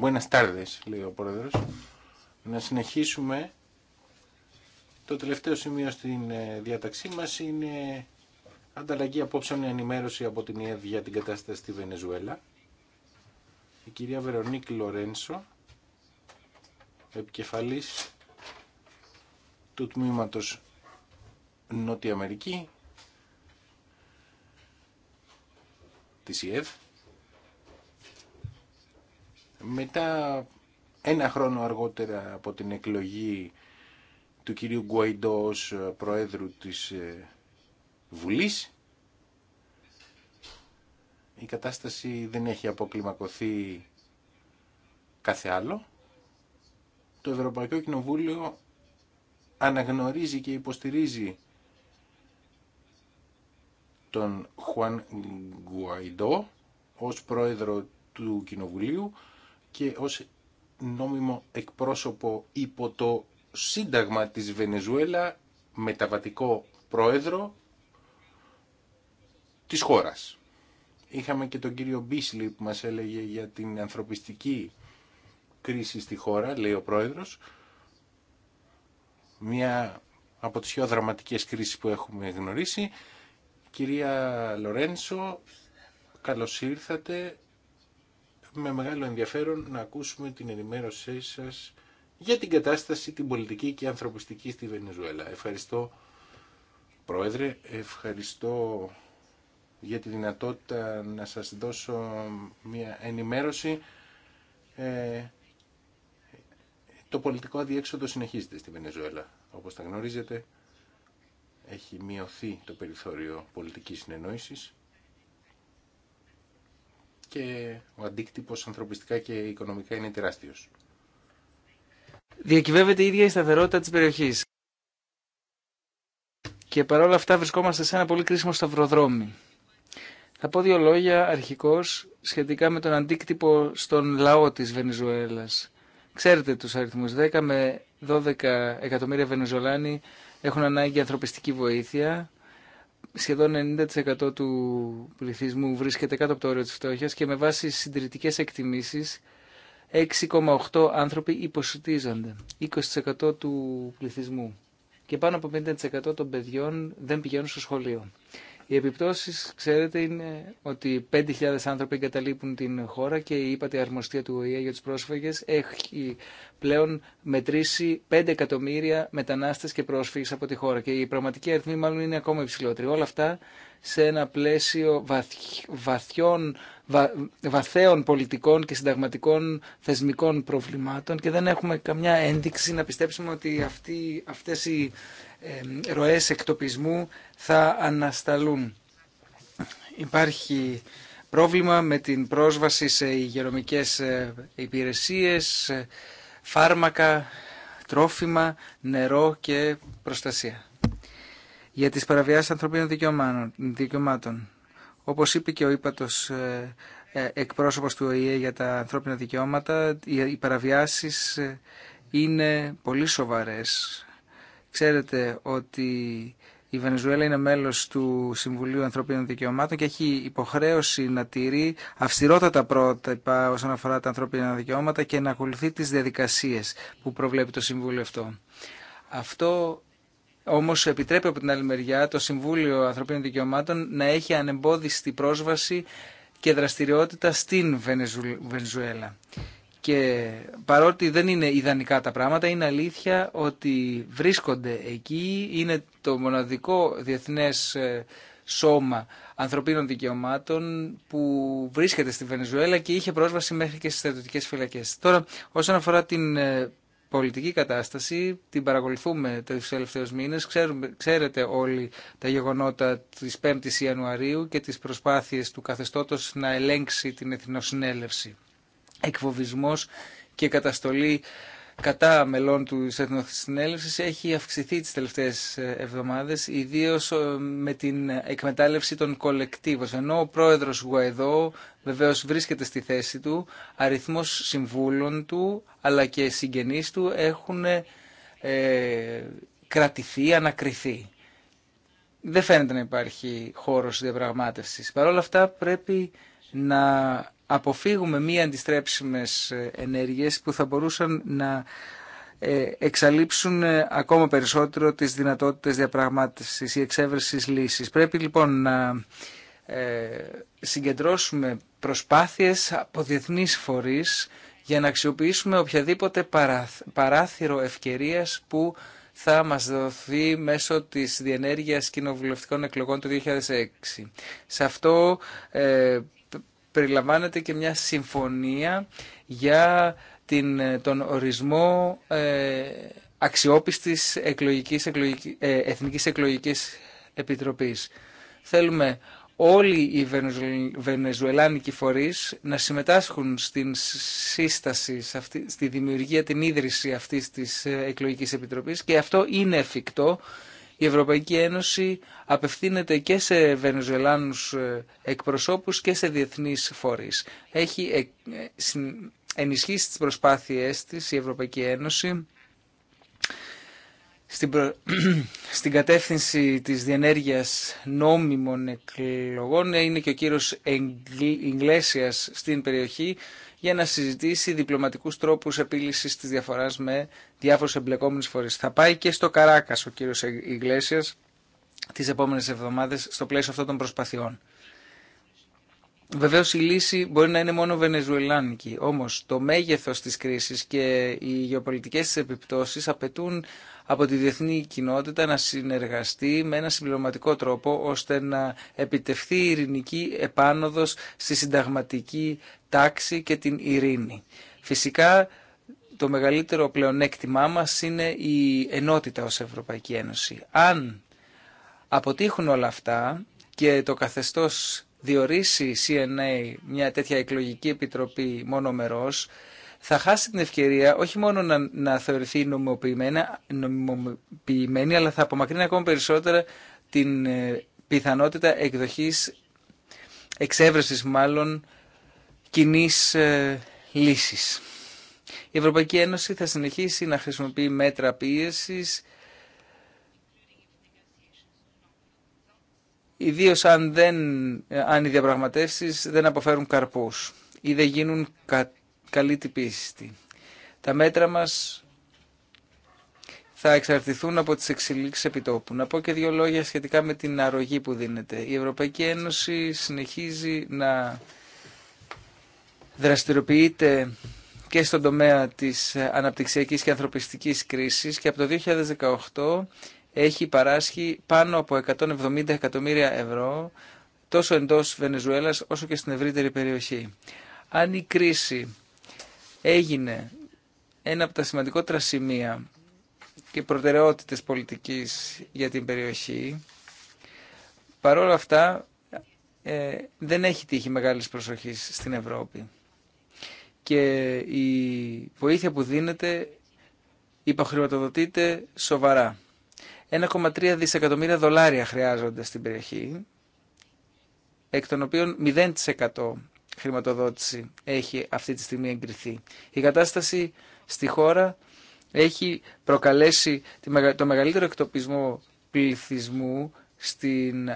Buenas tardes, λέει ο Πρόεδρος. Να συνεχίσουμε. Το τελευταίο σημείο στην ε, διάταξή μας είναι ανταλλαγή απόψεων ενημέρωση από την ΕΕ για την κατάσταση στη Βενεζουέλα. Η κυρία Βερονίκ Λορένσο, επικεφαλής του τμήματος Νότια Αμερική της ΙΕΒ. Μετά ένα χρόνο αργότερα από την εκλογή του κυρίου Γκουαϊντό Προέδρου της ε, η κατάσταση δεν έχει αποκλιμακωθεί κάθε άλλο. Το Ευρωπαϊκό Κοινοβούλιο αναγνωρίζει και υποστηρίζει τον Χουάν Γκουαϊντό ως πρόεδρο του Κοινοβουλίου και ως νόμιμο εκπρόσωπο υπό το Σύνταγμα της Βενεζουέλα μεταβατικό πρόεδρο της χώρας. Είχαμε και τον κύριο Μπίσλι που μας έλεγε για την ανθρωπιστική κρίση στη χώρα, λέει ο πρόεδρος, μια από τις πιο δραματικές κρίσεις που έχουμε γνωρίσει. Κυρία Λορένσο, καλώς ήρθατε. Με μεγάλο ενδιαφέρον να ακούσουμε την ενημέρωσή σας για την κατάσταση την πολιτική και ανθρωπιστική στη Βενεζουέλα. Ευχαριστώ Πρόεδρε, ευχαριστώ για τη δυνατότητα να σας δώσω μια ενημέρωση. Ε, το πολιτικό αδιέξοδο συνεχίζεται στη Βενεζουέλα. Όπως τα γνωρίζετε, έχει μειωθεί το περιθώριο πολιτικής συνεννόησης και ο αντίκτυπος ανθρωπιστικά και οικονομικά είναι τεράστιος. Διακυβεύεται η ίδια η σταθερότητα της περιοχής. Και παρόλα αυτά βρισκόμαστε σε ένα πολύ κρίσιμο σταυροδρόμι. Θα πω δύο λόγια αρχικώς σχετικά με τον αντίκτυπο στον λαό της Βενεζουέλας. Ξέρετε τους αριθμούς, 10 με 12 εκατομμύρια Βενεζολάνοι έχουν ανάγκη ανθρωπιστική βοήθεια. Σχεδόν 90% του πληθυσμού βρίσκεται κάτω από το όριο της φτώχειας και με βάση συντηρητικές εκτιμήσεις 6,8 άνθρωποι υποσυτίζονται, 20% του πληθυσμού και πάνω από 50% των παιδιών δεν πηγαίνουν στο σχολείο. Οι επιπτώσεις, ξέρετε, είναι ότι 5.000 άνθρωποι εγκαταλείπουν την χώρα και η αρμοστία του ΟΗΕ για τους πρόσφυγες έχει πλέον μετρήσει 5 εκατομμύρια μετανάστες και πρόσφυγες από τη χώρα και η πραγματική αριθμή μάλλον είναι ακόμα υψηλότερη. Όλα αυτά σε ένα πλαίσιο βαθιών, πολιτικών και συνταγματικών θεσμικών προβλημάτων και δεν έχουμε καμιά ένδειξη να πιστέψουμε ότι αυτοί, αυτές οι ροές εκτοπισμού θα ανασταλούν. Υπάρχει πρόβλημα με την πρόσβαση σε υγειονομικές ε, υπηρεσίες, ε, φάρμακα, τρόφιμα, νερό και προστασία. Για τις παραβιάσεις ανθρωπίνων δικαιωμάτων, όπως είπε και ο Ήπατος, ε, εκπρόσωπος του ΟΗΕ για τα ανθρώπινα δικαιώματα, οι παραβιάσεις είναι πολύ σοβαρές Ξέρετε ότι η Βενεζουέλα είναι μέλος του Συμβουλίου Ανθρωπίνων Δικαιωμάτων και έχει υποχρέωση να τηρεί αυστηρότατα πρότυπα όσον αφορά τα ανθρώπινα δικαιώματα και να ακολουθεί τις διαδικασίες που προβλέπει το Συμβούλιο αυτό. Αυτό όμως επιτρέπει από την άλλη μεριά το Συμβούλιο Ανθρωπίνων Δικαιωμάτων να έχει ανεμπόδιστη πρόσβαση και δραστηριότητα στην Βενεζουέλα. Και παρότι δεν είναι ιδανικά τα πράγματα, είναι αλήθεια ότι βρίσκονται εκεί, είναι το μοναδικό διεθνές ε, σώμα ανθρωπίνων δικαιωμάτων που βρίσκεται στη Βενεζουέλα και είχε πρόσβαση μέχρι και στις στρατιωτικές φυλακές. Τώρα, όσον αφορά την ε, πολιτική κατάσταση, την παρακολουθούμε τους τελευταίους μήνες. Ξέρουμε, ξέρετε όλοι τα γεγονότα της 5ης Ιανουαρίου και τις προσπάθειες του καθεστώτος να ελέγξει την Εθνοσυνέλευση εκφοβισμός και καταστολή κατά μελών του Συνέλευσης έχει αυξηθεί τις τελευταίες εβδομάδες, ιδίως ε, με την εκμετάλλευση των κολεκτίβων. Ενώ ο πρόεδρος Γουαϊδό βεβαίως βρίσκεται στη θέση του, αριθμός συμβούλων του αλλά και συγγενείς του έχουν ε, κρατηθεί, ανακριθεί. Δεν φαίνεται να υπάρχει χώρος διαπραγμάτευσης. Παρ' όλα αυτά πρέπει να αποφύγουμε μη αντιστρέψιμες ε, ενέργειες που θα μπορούσαν να ε, εξαλείψουν ε, ακόμα περισσότερο τις δυνατότητες διαπραγμάτευσης ή εξέβρεσης λύσης. Πρέπει λοιπόν να συγκεντρώσουμε προσπάθειες από διεθνείς φορείς για να αξιοποιήσουμε οποιαδήποτε παράθυρο ευκαιρίας που θα μας δοθεί μέσω της διενέργειας κοινοβουλευτικών εκλογών του 2006. Σε αυτό περιλαμβάνεται και μια συμφωνία για την, τον ορισμό ε, αξιόπιστης εκλογικής, εκλογική, ε, Εθνικής Εκλογικής Επιτροπής. Θέλουμε όλοι οι βενεζουελάνικοι φορείς να συμμετάσχουν στην σύσταση, αυτή, στη δημιουργία, την ίδρυση αυτής της ε, Εκλογικής Επιτροπής και αυτό είναι εφικτό η Ευρωπαϊκή Ένωση απευθύνεται και σε Βενεζουελάνους ε, εκπροσώπους και σε διεθνείς φορείς. Έχει ε, ε, ενισχύσει τις προσπάθειές της η Ευρωπαϊκή Ένωση στην, στην κατεύθυνση της διενέργειας νόμιμων εκλογών είναι και ο κύριος Ιγκλέσιας στην περιοχή για να συζητήσει διπλωματικούς τρόπους επίλυσης της διαφοράς με διάφορους εμπλεκόμενους φορείς. Θα πάει και στο Καράκας ο κύριος Ιγλέσιας τις επόμενες εβδομάδες στο πλαίσιο αυτών των προσπαθειών. Βεβαίω η λύση μπορεί να είναι μόνο βενεζουελάνικη, όμως το μέγεθος της κρίσης και οι γεωπολιτικές επιπτώσεις απαιτούν από τη διεθνή κοινότητα να συνεργαστεί με ένα συμπληρωματικό τρόπο ώστε να επιτευχθεί η ειρηνική επάνωδο στη συνταγματική τάξη και την ειρήνη. Φυσικά το μεγαλύτερο πλεονέκτημά μας είναι η ενότητα ως Ευρωπαϊκή Ένωση. Αν αποτύχουν όλα αυτά και το καθεστώς διορίσει η CNA μια τέτοια εκλογική επιτροπή μόνο μονομερός, θα χάσει την ευκαιρία όχι μόνο να, να θεωρηθεί νομιμοποιημένη, αλλά θα απομακρύνει ακόμα περισσότερα την ε, πιθανότητα εκδοχής, εξέβρεσης μάλλον, κοινή ε, λύσης. Η Ευρωπαϊκή Ένωση θα συνεχίσει να χρησιμοποιεί μέτρα πίεσης ιδίω αν, δεν, αν οι διαπραγματεύσει δεν αποφέρουν καρπούς ή δεν γίνουν κα, καλή τυπίστη. Τα μέτρα μας θα εξαρτηθούν από τις εξελίξει επιτόπου. Να πω και δύο λόγια σχετικά με την αρρωγή που δίνεται. Η Ευρωπαϊκή Ένωση συνεχίζει να δραστηριοποιείται και στον τομέα της αναπτυξιακής και ανθρωπιστικής κρίσης και από το 2018 έχει παράσχει πάνω από 170 εκατομμύρια ευρώ τόσο εντός Βενεζουέλας όσο και στην ευρύτερη περιοχή. Αν η κρίση έγινε ένα από τα σημαντικότερα σημεία και προτεραιότητες πολιτικής για την περιοχή, παρόλα αυτά ε, δεν έχει τύχει μεγάλης προσοχής στην Ευρώπη. Και η βοήθεια που δίνεται υποχρηματοδοτείται σοβαρά. 1,3 δισεκατομμύρια δολάρια χρειάζονται στην περιοχή, εκ των οποίων 0% χρηματοδότηση έχει αυτή τη στιγμή εγκριθεί. Η κατάσταση στη χώρα έχει προκαλέσει το μεγαλύτερο εκτοπισμό πληθυσμού στην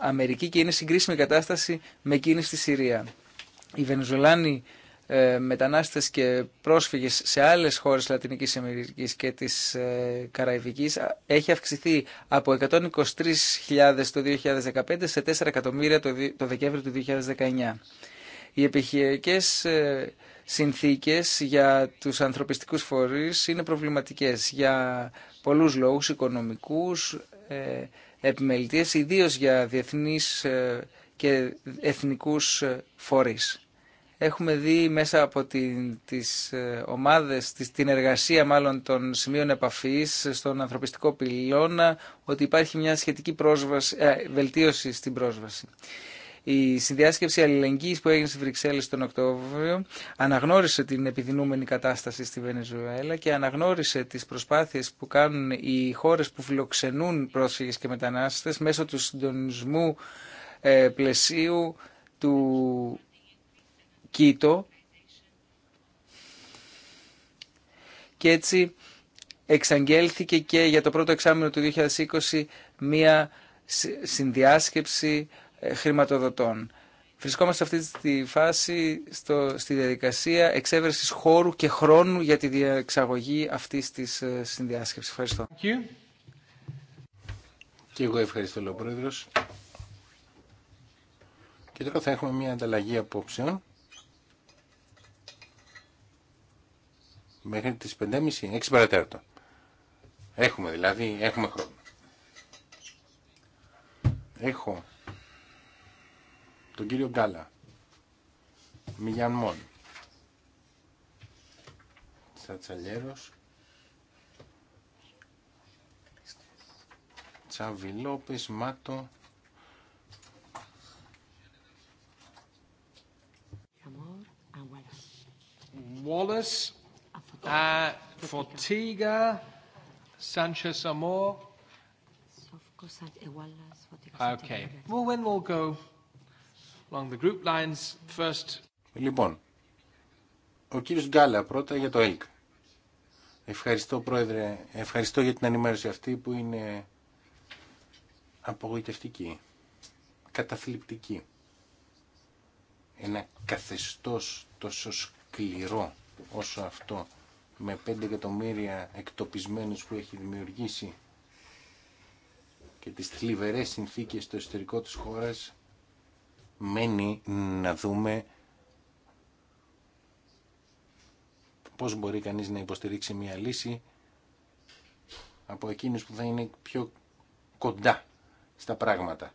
Αμερική και είναι συγκρίσιμη κατάσταση με εκείνη στη Συρία. Οι Βενεζολάνοι ε, μετανάστες και πρόσφυγες σε άλλες χώρες Λατινικής Αμερικής και της ε, Καραϊβικής έχει αυξηθεί από 123.000 το 2015 σε 4 εκατομμύρια το Δεκέμβριο του 2019. Οι επιχειρικές ε, συνθήκες για τους ανθρωπιστικούς φορείς είναι προβληματικές για πολλούς λόγους οικονομικούς, επιμελητές, ιδίως για διεθνείς και εθνικούς φορείς έχουμε δει μέσα από την, τις ε, ομάδες, την εργασία μάλλον των σημείων επαφής στον ανθρωπιστικό πυλώνα ε, ότι υπάρχει μια σχετική πρόσβαση, ε, βελτίωση στην πρόσβαση. Η συνδιάσκεψη αλληλεγγύης που έγινε στη Βρυξέλλες τον Οκτώβριο αναγνώρισε την επιδεινούμενη κατάσταση στη Βενεζουέλα και αναγνώρισε τις προσπάθειες που κάνουν οι χώρες που φιλοξενούν πρόσφυγες και μετανάστες μέσω του συντονισμού πλαισίου του και έτσι εξαγγέλθηκε και για το πρώτο εξάμεινο του 2020 μία συνδιάσκεψη ε, χρηματοδοτών. Βρισκόμαστε αυτή τη φάση στο, στη διαδικασία εξέβερσης χώρου και χρόνου για τη διεξαγωγή αυτής της ε, συνδιάσκεψης. Ευχαριστώ. Και εγώ ευχαριστώ, Πρόεδρος. Και τώρα θα έχουμε μια ανταλλαγή απόψεων μέχρι τις 5.30, 6 παρατέρτο. Έχουμε δηλαδή, έχουμε χρόνο. Έχω τον κύριο Γκάλα, Μιγιάν Μόν, Τσατσαλιέρος, Τσαβιλόπης, Μάτο, Wallace, Λοιπόν, ο κύριος Γκάλα πρώτα για το ΕΛΚ. Ευχαριστώ πρόεδρε, ευχαριστώ για την ενημέρωση αυτή που είναι απογοητευτική, καταθλιπτική. Ένα καθεστώς τόσο σκληρό όσο αυτό με 5 εκατομμύρια εκτοπισμένους που έχει δημιουργήσει και τις θλιβερές συνθήκες στο εσωτερικό της χώρας μένει να δούμε πώς μπορεί κανείς να υποστηρίξει μια λύση από εκείνους που θα είναι πιο κοντά στα πράγματα.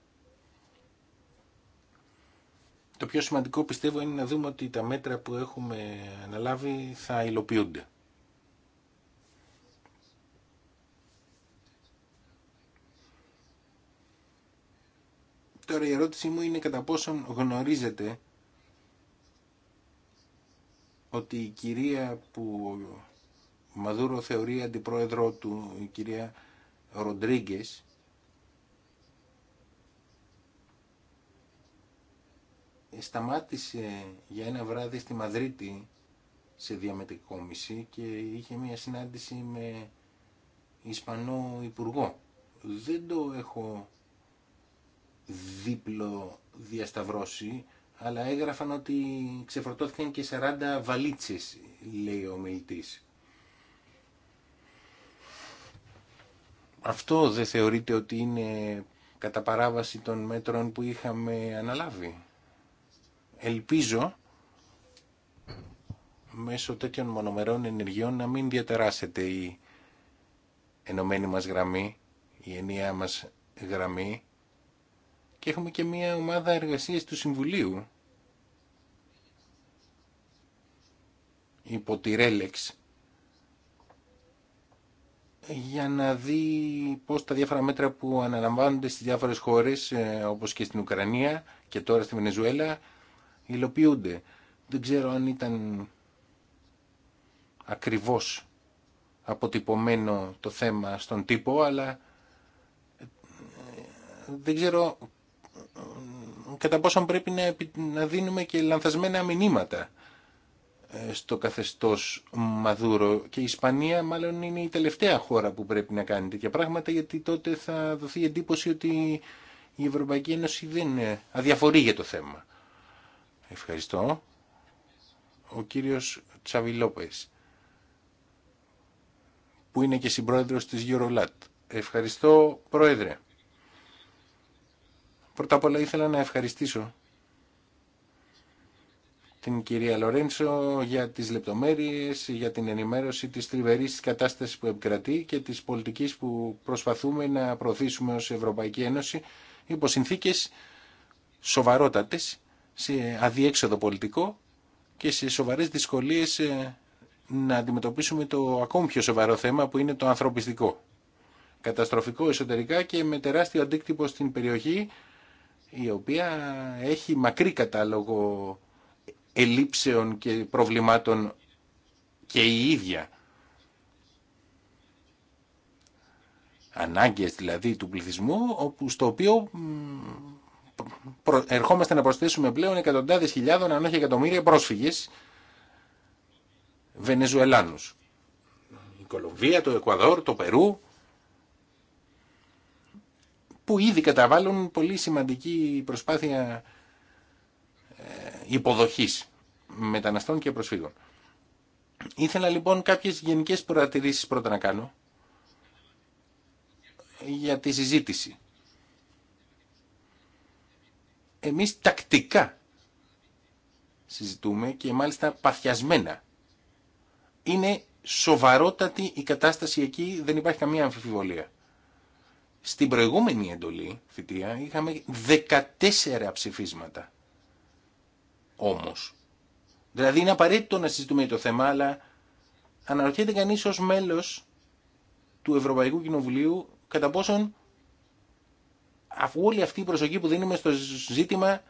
Το πιο σημαντικό πιστεύω είναι να δούμε ότι τα μέτρα που έχουμε αναλάβει θα υλοποιούνται. Τώρα η ερώτησή μου είναι κατά πόσον γνωρίζετε ότι η κυρία που Μαδούρο θεωρεί αντιπρόεδρό του, η κυρία Ροντρίγκε. σταμάτησε για ένα βράδυ στη Μαδρίτη σε διαμετεκόμιση και είχε μια συνάντηση με Ισπανό Υπουργό. Δεν το έχω δίπλο διασταυρώσει, αλλά έγραφαν ότι ξεφορτώθηκαν και 40 βαλίτσες, λέει ο μιλητής. Αυτό δεν θεωρείται ότι είναι κατά παράβαση των μέτρων που είχαμε αναλάβει. Ελπίζω μέσω τέτοιων μονομερών ενεργειών να μην διατεράσετε η ενωμένη μας γραμμή, η ενιαία μας γραμμή και έχουμε και μια ομάδα εργασίας του Συμβουλίου υπό τη Ρέλεξ για να δει πώς τα διάφορα μέτρα που αναλαμβάνονται στις διάφορες χώρες ε, όπως και στην Ουκρανία και τώρα στη Βενεζουέλα υλοποιούνται. Δεν ξέρω αν ήταν ακριβώς αποτυπωμένο το θέμα στον τύπο αλλά ε, δεν ξέρω κατά πόσο πρέπει να, να δίνουμε και λανθασμένα μηνύματα ε, στο καθεστώς Μαδούρο και η Ισπανία μάλλον είναι η τελευταία χώρα που πρέπει να κάνει τέτοια πράγματα γιατί τότε θα δοθεί εντύπωση ότι η Ευρωπαϊκή Ένωση δεν ε, αδιαφορή για το θέμα. Ευχαριστώ. Ο κύριος Τσαβιλόπες που είναι και συμπρόεδρος της Eurolat. Ευχαριστώ πρόεδρε. Πρώτα απ' όλα ήθελα να ευχαριστήσω την κυρία Λορέντσο για τις λεπτομέρειες, για την ενημέρωση της τριβερής κατάστασης που επικρατεί και της πολιτικής που προσπαθούμε να προωθήσουμε ως Ευρωπαϊκή Ένωση υπό συνθήκες σοβαρότατες, σε αδιέξοδο πολιτικό και σε σοβαρές δυσκολίες ε, να αντιμετωπίσουμε το ακόμη πιο σοβαρό θέμα που είναι το ανθρωπιστικό. Καταστροφικό εσωτερικά και με τεράστιο αντίκτυπο στην περιοχή η οποία έχει μακρύ κατάλογο ελήψεων και προβλημάτων και η ίδια. Ανάγκες δηλαδή του πληθυσμού, όπου στο οποίο ερχόμαστε να προσθέσουμε πλέον εκατοντάδες χιλιάδων, αν όχι εκατομμύρια πρόσφυγες, Βενεζουελάνους. Η Κολομβία, το Εκουαδόρ, το Περού, που ήδη καταβάλουν πολύ σημαντική προσπάθεια ε, υποδοχής μεταναστών και προσφύγων. Ήθελα λοιπόν κάποιες γενικές προατηρήσεις πρώτα να κάνω για τη συζήτηση. Εμείς τακτικά συζητούμε και μάλιστα παθιασμένα. Είναι σοβαρότατη η κατάσταση εκεί, δεν υπάρχει καμία αμφιβολία. Στην προηγούμενη εντολή, θητεία, είχαμε 14 ψηφίσματα. Όμως. Δηλαδή είναι απαραίτητο να συζητούμε το θέμα, αλλά αναρωτιέται κανείς ως μέλος του Ευρωπαϊκού Κοινοβουλίου κατά πόσον αφού όλη αυτή η προσοχή που δίνουμε στο ζήτημα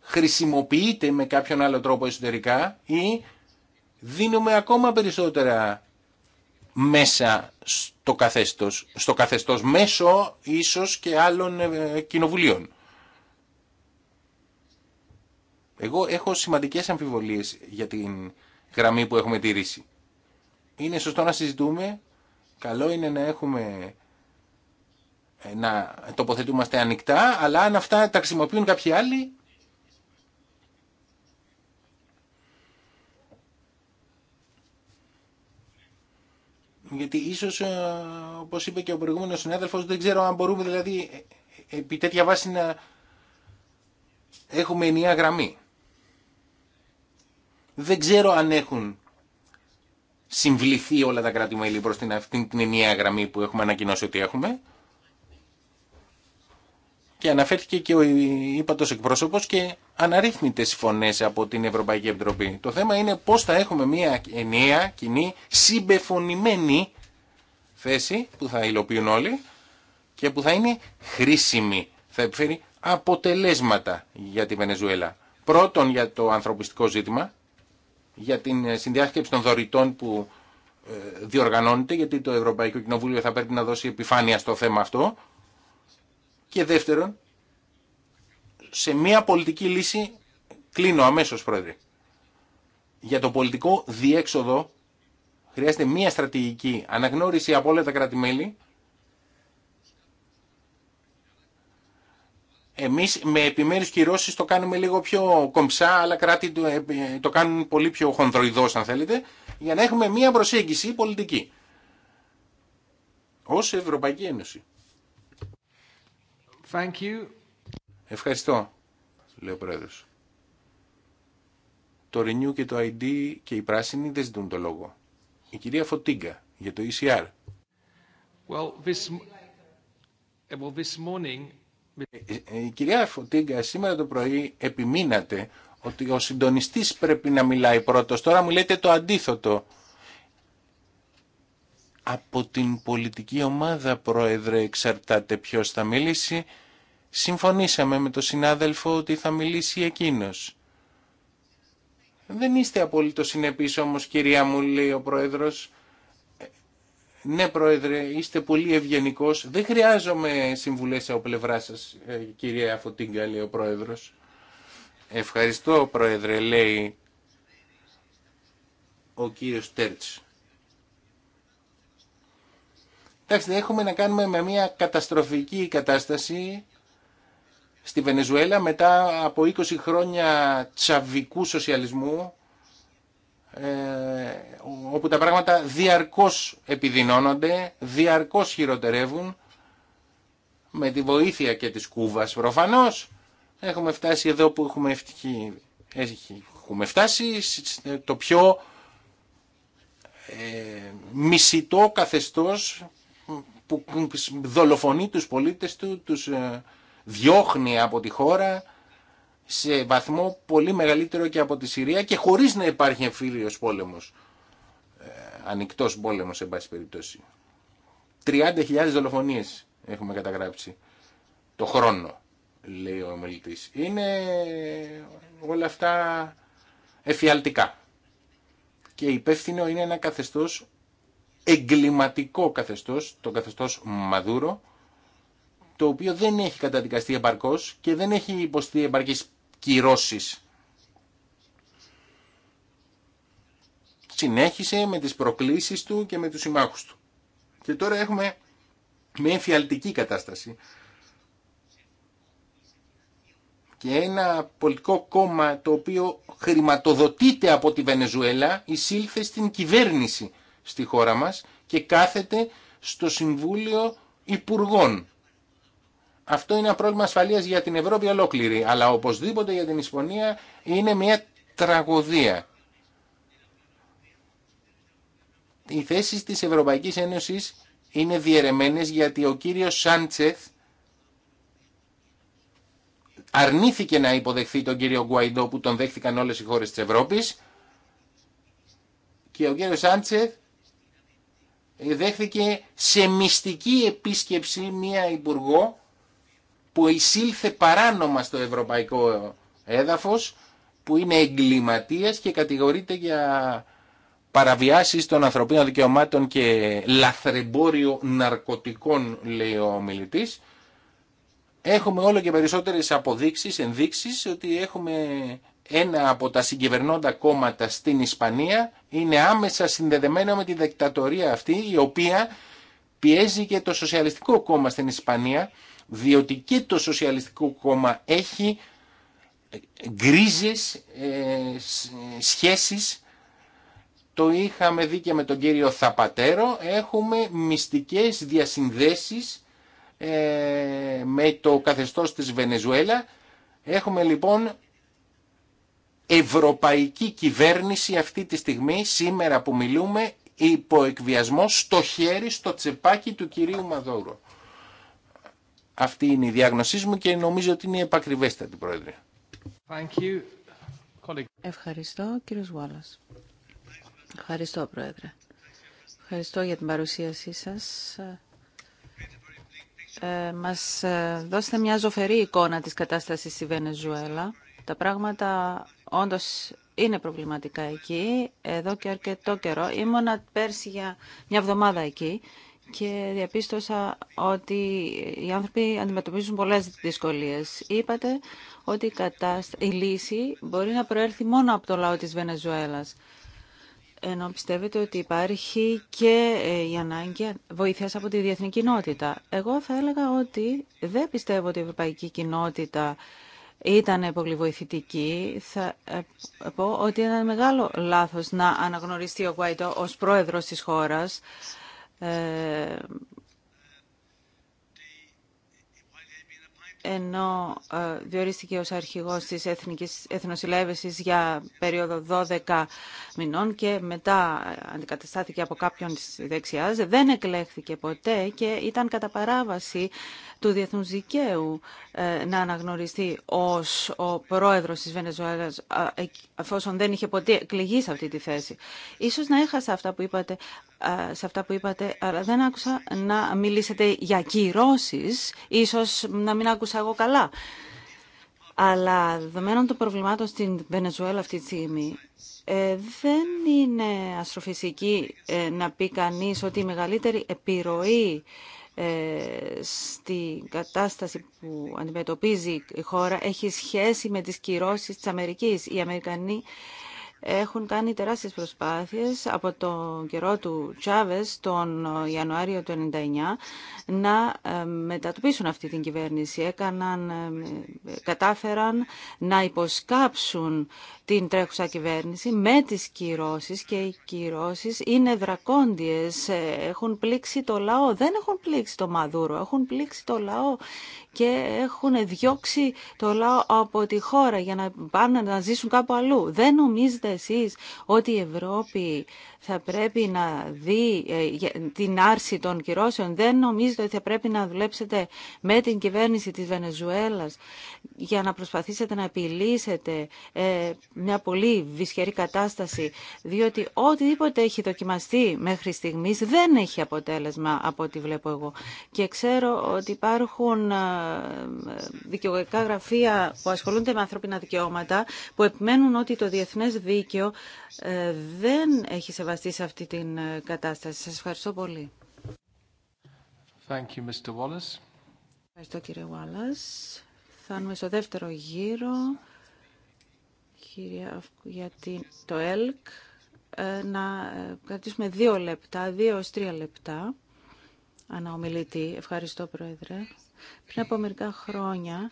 χρησιμοποιείται με κάποιον άλλο τρόπο εσωτερικά ή δίνουμε ακόμα περισσότερα μέσα στο καθεστώς, στο καθεστώς μέσω ίσως και άλλων ε, κοινοβουλίων. Εγώ έχω σημαντικές αμφιβολίες για την γραμμή που έχουμε τηρήσει. Είναι σωστό να συζητούμε, καλό είναι να έχουμε ε, να τοποθετούμαστε ανοιχτά, αλλά αν αυτά τα χρησιμοποιούν κάποιοι άλλοι, γιατί ίσως, ε, όπως είπε και ο προηγούμενο συνάδελφο, δεν ξέρω αν μπορούμε δηλαδή ε, ε, επί τέτοια βάση να έχουμε ενιαία γραμμή. Δεν ξέρω αν έχουν συμβληθεί όλα τα κράτη-μέλη προς την, την ενιαία γραμμή που έχουμε ανακοινώσει ότι έχουμε και αναφέρθηκε και ο ύπατος εκπρόσωπος και αναρρύθμιτες φωνές από την Ευρωπαϊκή Επιτροπή. Το θέμα είναι πώς θα έχουμε μια ενιαία, κοινή, συμπεφωνημένη θέση που θα υλοποιούν όλοι και που θα είναι χρήσιμη, θα επιφέρει αποτελέσματα για τη Βενεζουέλα. Πρώτον για το ανθρωπιστικό ζήτημα, για την συνδιάσκεψη των δωρητών που ε, διοργανώνεται, γιατί το Ευρωπαϊκό Κοινοβούλιο θα πρέπει να δώσει επιφάνεια στο θέμα αυτό, και δεύτερον, σε μια πολιτική λύση, κλείνω αμέσως πρόεδρε, για το πολιτικό διέξοδο χρειάζεται μια στρατηγική αναγνώριση από όλα τα κράτη-μέλη. Εμείς με επιμέρους κυρώσεις το κάνουμε λίγο πιο κομψά, αλλά κράτη το ε, κάνουν πολύ πιο χονδροειδώς αν θέλετε, για να έχουμε μια προσέγγιση πολιτική ως Ευρωπαϊκή Ένωση. Thank you. Ευχαριστώ, λέει ο πρόεδρο. Το Renew και το ID και οι πράσινοι δεν ζητούν το λόγο. Η κυρία Φωτίγκα για το ECR. Well, this... Ε, well, this morning... Ε, ε, η κυρία Φωτίγκα σήμερα το πρωί επιμείνατε ότι ο συντονιστής πρέπει να μιλάει πρώτος. Τώρα μου λέτε το αντίθετο από την πολιτική ομάδα, Πρόεδρε, εξαρτάται ποιος θα μιλήσει. Συμφωνήσαμε με τον συνάδελφο ότι θα μιλήσει εκείνος. Δεν είστε απόλυτο συνεπείς όμως, κυρία μου, λέει ο Πρόεδρος. Ε, ναι, Πρόεδρε, είστε πολύ ευγενικός. Δεν χρειάζομαι συμβουλές από πλευρά σας, ε, κυρία Φωτίνκα, λέει ο Πρόεδρος. Ευχαριστώ, Πρόεδρε, λέει ο κύριος Τέρτς. Εντάξει, έχουμε να κάνουμε με μια καταστροφική κατάσταση στη Βενεζουέλα μετά από 20 χρόνια τσαβικού σοσιαλισμού ε, όπου τα πράγματα διαρκώς επιδεινώνονται, διαρκώς χειροτερεύουν με τη βοήθεια και της Κούβας προφανώς έχουμε φτάσει εδώ που έχουμε, έχουμε φτάσει το πιο ε, μισητό καθεστώς που δολοφονεί τους πολίτες του, τους ε, διώχνει από τη χώρα σε βαθμό πολύ μεγαλύτερο και από τη Συρία και χωρίς να υπάρχει εμφύλιος πόλεμος, ε, ανοιχτός πόλεμος σε πάση περιπτώσει. 30.000 δολοφονίες έχουμε καταγράψει το χρόνο, λέει ο ομιλητής. Είναι όλα αυτά εφιαλτικά. Και υπεύθυνο είναι ένα καθεστώς εγκληματικό καθεστώς, το καθεστώς Μαδούρο, το οποίο δεν έχει καταδικαστεί επαρκώς και δεν έχει υποστεί επαρκείς κυρώσεις. Συνέχισε με τις προκλήσεις του και με τους συμμάχους του. Και τώρα έχουμε με εμφιαλτική κατάσταση. Και ένα πολιτικό κόμμα το οποίο χρηματοδοτείται από τη Βενεζουέλα εισήλθε στην κυβέρνηση στη χώρα μας και κάθεται στο Συμβούλιο Υπουργών. Αυτό είναι ένα πρόβλημα ασφαλείας για την Ευρώπη ολόκληρη, αλλά οπωσδήποτε για την Ισπανία είναι μια τραγωδία. Οι θέσει της Ευρωπαϊκής Ένωσης είναι διαιρεμένες γιατί ο κύριος Σάντσεθ αρνήθηκε να υποδεχθεί τον κύριο Γκουαϊντό που τον δέχθηκαν όλες οι χώρες της Ευρώπης και ο κύριος Σάντσεθ δέχθηκε σε μυστική επίσκεψη μία υπουργό που εισήλθε παράνομα στο ευρωπαϊκό έδαφος, που είναι εγκληματίας και κατηγορείται για παραβιάσεις των ανθρωπίνων δικαιωμάτων και λαθρεμπόριο ναρκωτικών, λέει ο μιλητής. Έχουμε όλο και περισσότερες αποδείξεις, ενδείξεις ότι έχουμε ένα από τα συγκυβερνώντα κόμματα στην Ισπανία είναι άμεσα συνδεδεμένο με τη δικτατορία αυτή η οποία πιέζει και το Σοσιαλιστικό Κόμμα στην Ισπανία διότι και το Σοσιαλιστικό Κόμμα έχει ε, γκρίζες ε, σχέσεις το είχαμε δει και με τον κύριο Θαπατέρο έχουμε μυστικές διασυνδέσεις ε, με το καθεστώς της Βενεζουέλα έχουμε λοιπόν ευρωπαϊκή κυβέρνηση αυτή τη στιγμή, σήμερα που μιλούμε, υπό εκβιασμό στο χέρι, στο τσεπάκι του κυρίου Μαδόρου. Αυτή είναι η διάγνωσή μου και νομίζω ότι είναι επακριβέστατη, Πρόεδρε. Ευχαριστώ, κύριος Γουάλλας. Ευχαριστώ, Πρόεδρε. Ευχαριστώ για την παρουσίασή σας. Ε, μας ε, δώσετε μια ζωφερή εικόνα της κατάστασης στη Βενεζουέλα. Τα πράγματα όντως είναι προβληματικά εκεί εδώ και αρκετό καιρό. Ήμουνα πέρσι για μια εβδομάδα εκεί και διαπίστωσα ότι οι άνθρωποι αντιμετωπίζουν πολλές δυσκολίες. Είπατε ότι η, κατάστα... λύση μπορεί να προέρθει μόνο από το λαό της Βενεζουέλας. Ενώ πιστεύετε ότι υπάρχει και ε, η ανάγκη βοήθειας από τη διεθνή κοινότητα. Εγώ θα έλεγα ότι δεν πιστεύω ότι η ευρωπαϊκή κοινότητα ήταν πολύ Θα ε, πω ότι ήταν μεγάλο λάθος να αναγνωριστεί ο Γουαϊτό ως πρόεδρος της χώρας. Ε, ενώ ε, διορίστηκε ως αρχηγός της Εθνικής για περίοδο 12 μηνών και μετά αντικαταστάθηκε από κάποιον της δεξιάς, δεν εκλέχθηκε ποτέ και ήταν κατά παράβαση του διεθνούς δικαίου ε, να αναγνωριστεί ως ο πρόεδρος της Βενεζουέλας, εφόσον δεν είχε ποτέ εκλεγεί σε αυτή τη θέση. Ίσως να έχασα αυτά που είπατε, σε αυτά που είπατε, αλλά δεν άκουσα να μιλήσετε για κυρώσεις, ίσως να μην άκουσα εγώ καλά. Αλλά δεδομένων των προβλημάτων στην Βενεζουέλα αυτή τη στιγμή, ε, δεν είναι αστροφυσική ε, να πει κανείς ότι η μεγαλύτερη επιρροή ε, στην κατάσταση που αντιμετωπίζει η χώρα έχει σχέση με τις κυρώσεις της Αμερικής. Οι Αμερικανοί έχουν κάνει τεράστιες προσπάθειες από τον καιρό του Τσάβες τον Ιανουάριο του 1999 να ε, μετατοπίσουν αυτή την κυβέρνηση. Έκαναν, ε, κατάφεραν να υποσκάψουν την τρέχουσα κυβέρνηση με τις κυρώσεις και οι κυρώσεις είναι δρακόντιες. Ε, έχουν πλήξει το λαό, δεν έχουν πλήξει το Μαδούρο, έχουν πλήξει το λαό και έχουν διώξει το λαό από τη χώρα για να πάνε να ζήσουν κάπου αλλού. Δεν νομίζετε εσείς ότι η Ευρώπη θα πρέπει να δει ε, την άρση των κυρώσεων. Δεν νομίζετε ότι θα πρέπει να δουλέψετε με την κυβέρνηση της Βενεζουέλας για να προσπαθήσετε να επιλύσετε ε, μια πολύ βυσχερή κατάσταση, διότι οτιδήποτε έχει δοκιμαστεί μέχρι στιγμής δεν έχει αποτέλεσμα από ό,τι βλέπω εγώ. Και ξέρω ότι υπάρχουν ε, δικαιολογικά γραφεία που ασχολούνται με ανθρώπινα δικαιώματα που επιμένουν ότι το διεθνές δίκαιο δεν έχει σε αυτή την ε, κατάσταση. Σας ευχαριστώ πολύ. Ευχαριστώ κύριε Θα είμαι στο δεύτερο γύρο για το ΕΛΚ ε, να ε, κρατήσουμε δύο λεπτά, δύο ως τρία λεπτά αναομιλητή. Ευχαριστώ Πρόεδρε. Πριν από μερικά χρόνια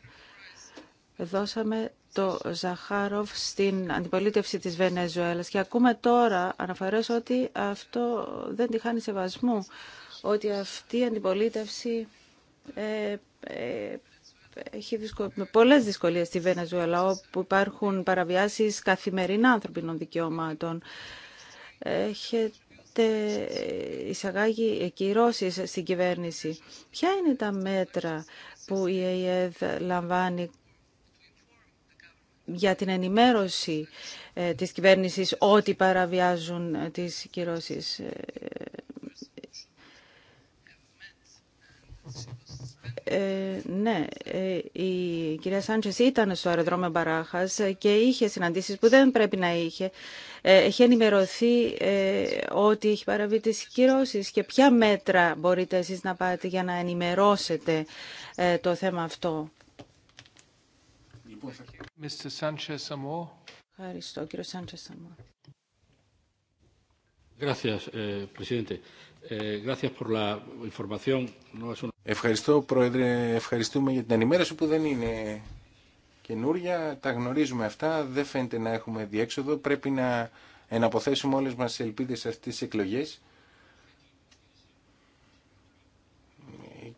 δώσαμε το Ζαχάροφ στην αντιπολίτευση της Βενεζουέλας και ακούμε τώρα αναφορές ότι αυτό δεν τη χάνει σεβασμού, ότι αυτή η αντιπολίτευση ε, ε έχει δυσκολ... πολλές δυσκολίες στη Βενεζουέλα όπου υπάρχουν παραβιάσεις καθημερινά ανθρωπινών δικαιωμάτων. Έχετε εισαγάγει κυρώσεις στην κυβέρνηση. Ποια είναι τα μέτρα που η ΑΕΔ λαμβάνει για την ενημέρωση ε, της κυβέρνησης ότι παραβιάζουν ε, τις κυρώσεις. Ε, ε ναι, η κυρία Σάντσες ήταν στο αεροδρόμιο Μπαράχας και είχε συναντήσεις που δεν πρέπει να είχε. Έχει ενημερωθεί ότι έχει παραβεί τις κυρώσεις και ποια μέτρα μπορείτε εσείς να πάτε για να ενημερώσετε το θέμα αυτό. Λοιπόν, Ευχαριστώ, κύριο Σάντσε eh, eh, Ευχαριστώ, Πρόεδρε. Ευχαριστούμε για την ενημέρωση που δεν είναι καινούρια. Τα γνωρίζουμε αυτά. Δεν φαίνεται να έχουμε διέξοδο. Πρέπει να εναποθέσουμε όλες μας τις ελπίδες σε αυτές τις εκλογές.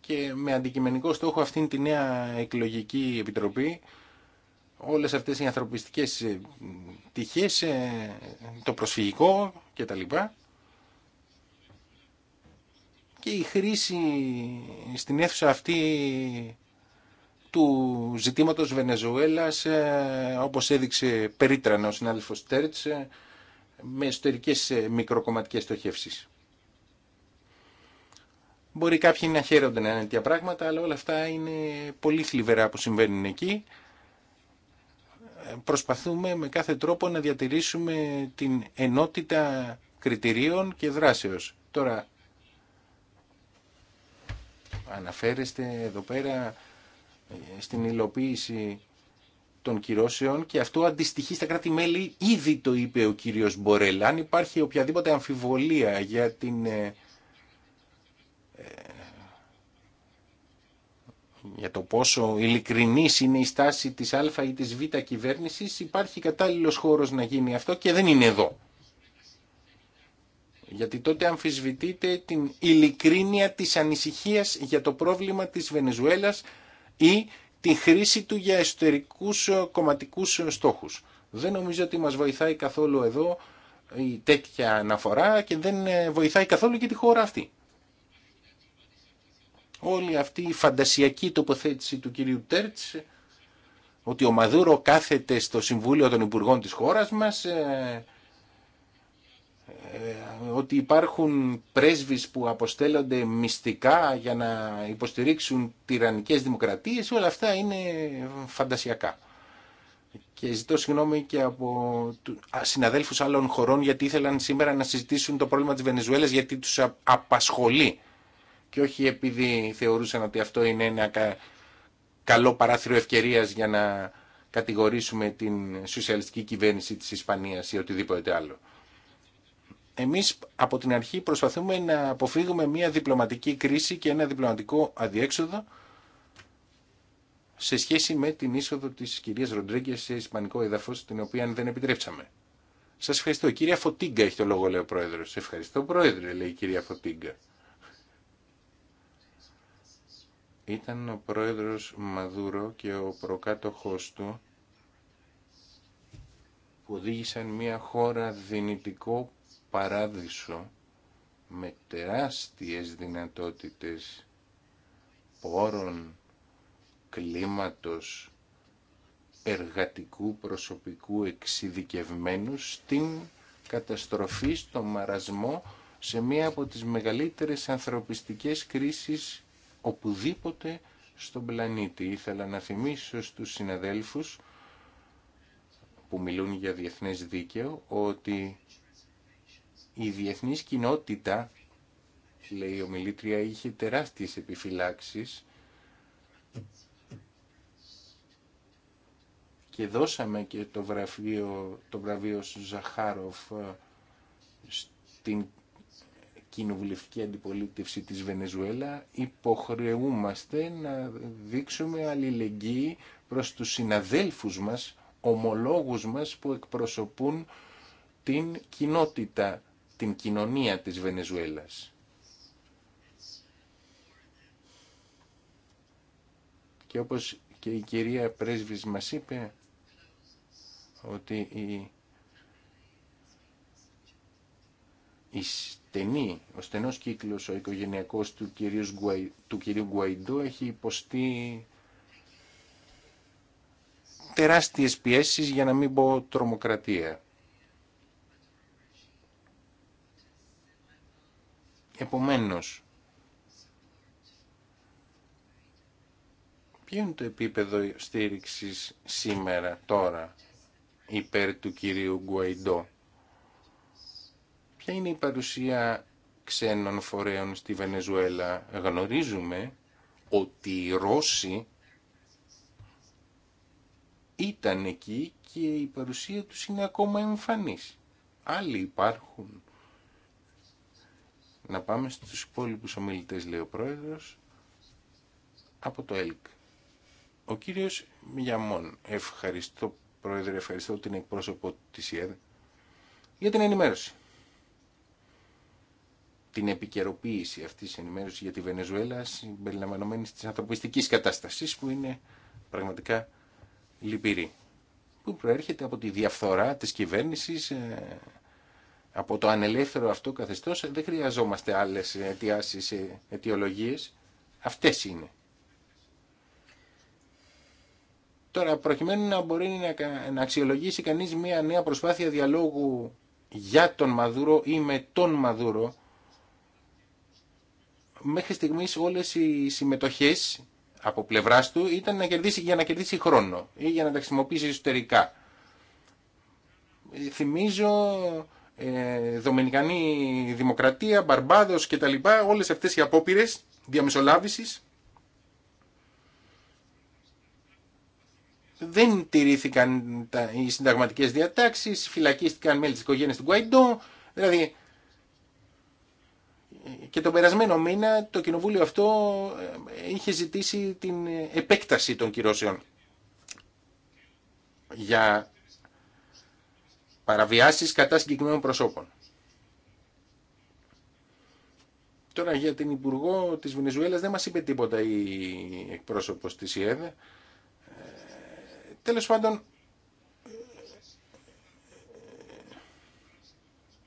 Και με αντικειμενικό στόχο αυτήν τη νέα εκλογική επιτροπή όλες αυτές οι ανθρωπιστικές ε, τυχές, ε, το προσφυγικό κτλ. Και η χρήση στην αίθουσα αυτή του ζητήματος Βενεζουέλας, ε, όπως έδειξε περίτρανα ο συνάδελφος Τέρτς, με εσωτερικές μικροκομματικές στοχεύσεις. Μπορεί κάποιοι να χαίρονται να είναι τέτοια πράγματα, αλλά όλα αυτά είναι πολύ θλιβερά που συμβαίνουν εκεί προσπαθούμε με κάθε τρόπο να διατηρήσουμε την ενότητα κριτηρίων και δράσεως. Τώρα, αναφέρεστε εδώ πέρα ε, στην υλοποίηση των κυρώσεων και αυτό αντιστοιχεί στα κράτη-μέλη, ήδη το είπε ο κύριος Μπορέλα. Αν υπάρχει οποιαδήποτε αμφιβολία για την ε, ε, για το πόσο ειλικρινή είναι η στάση της Α ή της Β κυβέρνησης υπάρχει κατάλληλος χώρος να γίνει αυτό και δεν είναι εδώ. Γιατί τότε αμφισβητείτε την ειλικρίνεια της ανησυχίας για το πρόβλημα της Βενεζουέλας ή τη χρήση του για εσωτερικούς κομματικούς στόχους. Δεν νομίζω ότι μας βοηθάει καθόλου εδώ η τέτοια αναφορά και δεν βοηθάει καθόλου και τη χώρα αυτή όλη αυτή η φαντασιακή τοποθέτηση του κυρίου Τέρτς ότι ο Μαδούρο κάθεται στο Συμβούλιο των Υπουργών της χώρας μας ε, ε, ότι υπάρχουν πρέσβεις που αποστέλλονται μυστικά για να υποστηρίξουν τυραννικές δημοκρατίες, όλα αυτά είναι φαντασιακά. Και ζητώ συγγνώμη και από συναδέλφους άλλων χωρών γιατί ήθελαν σήμερα να συζητήσουν το πρόβλημα της Βενεζουέλας γιατί τους απασχολεί και όχι επειδή θεωρούσαν ότι αυτό είναι ένα καλό παράθυρο ευκαιρίας για να κατηγορήσουμε την σοσιαλιστική κυβέρνηση της Ισπανίας ή οτιδήποτε άλλο. Εμείς από την αρχή προσπαθούμε να αποφύγουμε μια διπλωματική κρίση και ένα διπλωματικό αδιέξοδο σε σχέση με την είσοδο της κυρίας Ροντρίγκε σε ισπανικό εδαφός, την οποία δεν επιτρέψαμε. Σας ευχαριστώ. κυρία Φωτίγκα έχει το λόγο, λέει ο Πρόεδρος. Ευχαριστώ, Πρόεδρε, λέει η κυρία Φωτίγκα. ήταν ο πρόεδρος Μαδούρο και ο προκάτοχός του που οδήγησαν μια χώρα δυνητικό παράδεισο με τεράστιες δυνατότητες πόρων, κλίματος, εργατικού προσωπικού εξειδικευμένου στην καταστροφή, στο μαρασμό σε μία από τις μεγαλύτερες ανθρωπιστικές κρίσεις οπουδήποτε στον πλανήτη. Ήθελα να θυμίσω στους συναδέλφους που μιλούν για διεθνές δίκαιο ότι η διεθνής κοινότητα, λέει η ομιλήτρια, είχε τεράστιες επιφυλάξεις και δώσαμε και το, βραβείο, το βραβείο Ζαχάροφ ε, στην κοινοβουλευτική αντιπολίτευση της Βενεζουέλα υποχρεούμαστε να δείξουμε αλληλεγγύη προς τους συναδέλφους μας, ομολόγους μας που εκπροσωπούν την κοινότητα, την κοινωνία της Βενεζουέλας. Και όπως και η κυρία πρέσβης μας είπε ότι η, η στενή, ο στενός κύκλος, ο οικογενειακός του κυρίου, του κυρίου Γκουαϊντό έχει υποστεί τεράστιες πιέσεις για να μην πω τρομοκρατία. Επομένως, ποιο είναι το επίπεδο στήριξης σήμερα, τώρα, υπέρ του κυρίου Γκουαϊντό. Ποια είναι η παρουσία ξένων φορέων στη Βενεζουέλα. Γνωρίζουμε ότι οι Ρώσοι ήταν εκεί και η παρουσία τους είναι ακόμα εμφανής. Άλλοι υπάρχουν. Να πάμε στους υπόλοιπους ομιλητές, λέει ο Πρόεδρος, από το ΕΛΚ. Ο κύριος Μιαμών, ευχαριστώ Πρόεδρε, ευχαριστώ την εκπρόσωπο της ΙΕΔ για την ενημέρωση την επικαιροποίηση αυτή τη ενημέρωση για τη Βενεζουέλα συμπεριλαμβανομένη τη ανθρωπιστική κατάσταση που είναι πραγματικά λυπηρή. Που προέρχεται από τη διαφθορά τη κυβέρνηση, ε, από το ανελεύθερο αυτό καθεστώς. Ε, δεν χρειαζόμαστε άλλες αιτιάσει, ε, αιτιολογίες. Αυτές είναι. Τώρα, προκειμένου να μπορεί να αξιολογήσει κανείς μια νέα προσπάθεια διαλόγου για τον Μαδούρο ή με τον Μαδούρο, μέχρι στιγμή όλες οι συμμετοχές από πλευράς του ήταν να κερδίσει, για να κερδίσει χρόνο ή για να τα χρησιμοποιήσει εσωτερικά. Θυμίζω ε, Δημοκρατία, Μπαρμπάδο και τα λοιπά, όλες αυτές οι απόπειρε διαμεσολάβησης δεν τηρήθηκαν οι συνταγματικές διατάξεις, φυλακίστηκαν μέλη της οικογένειας του Γκουαϊντό, δηλαδή και τον περασμένο μήνα το κοινοβούλιο αυτό ε, είχε ζητήσει την επέκταση των κυρώσεων για παραβιάσεις κατά συγκεκριμένων προσώπων. Τώρα για την Υπουργό της Βενεζουέλας δεν μας είπε τίποτα η εκπρόσωπος της ΙΕΔ. Ε, τέλος πάντων, ε, ε,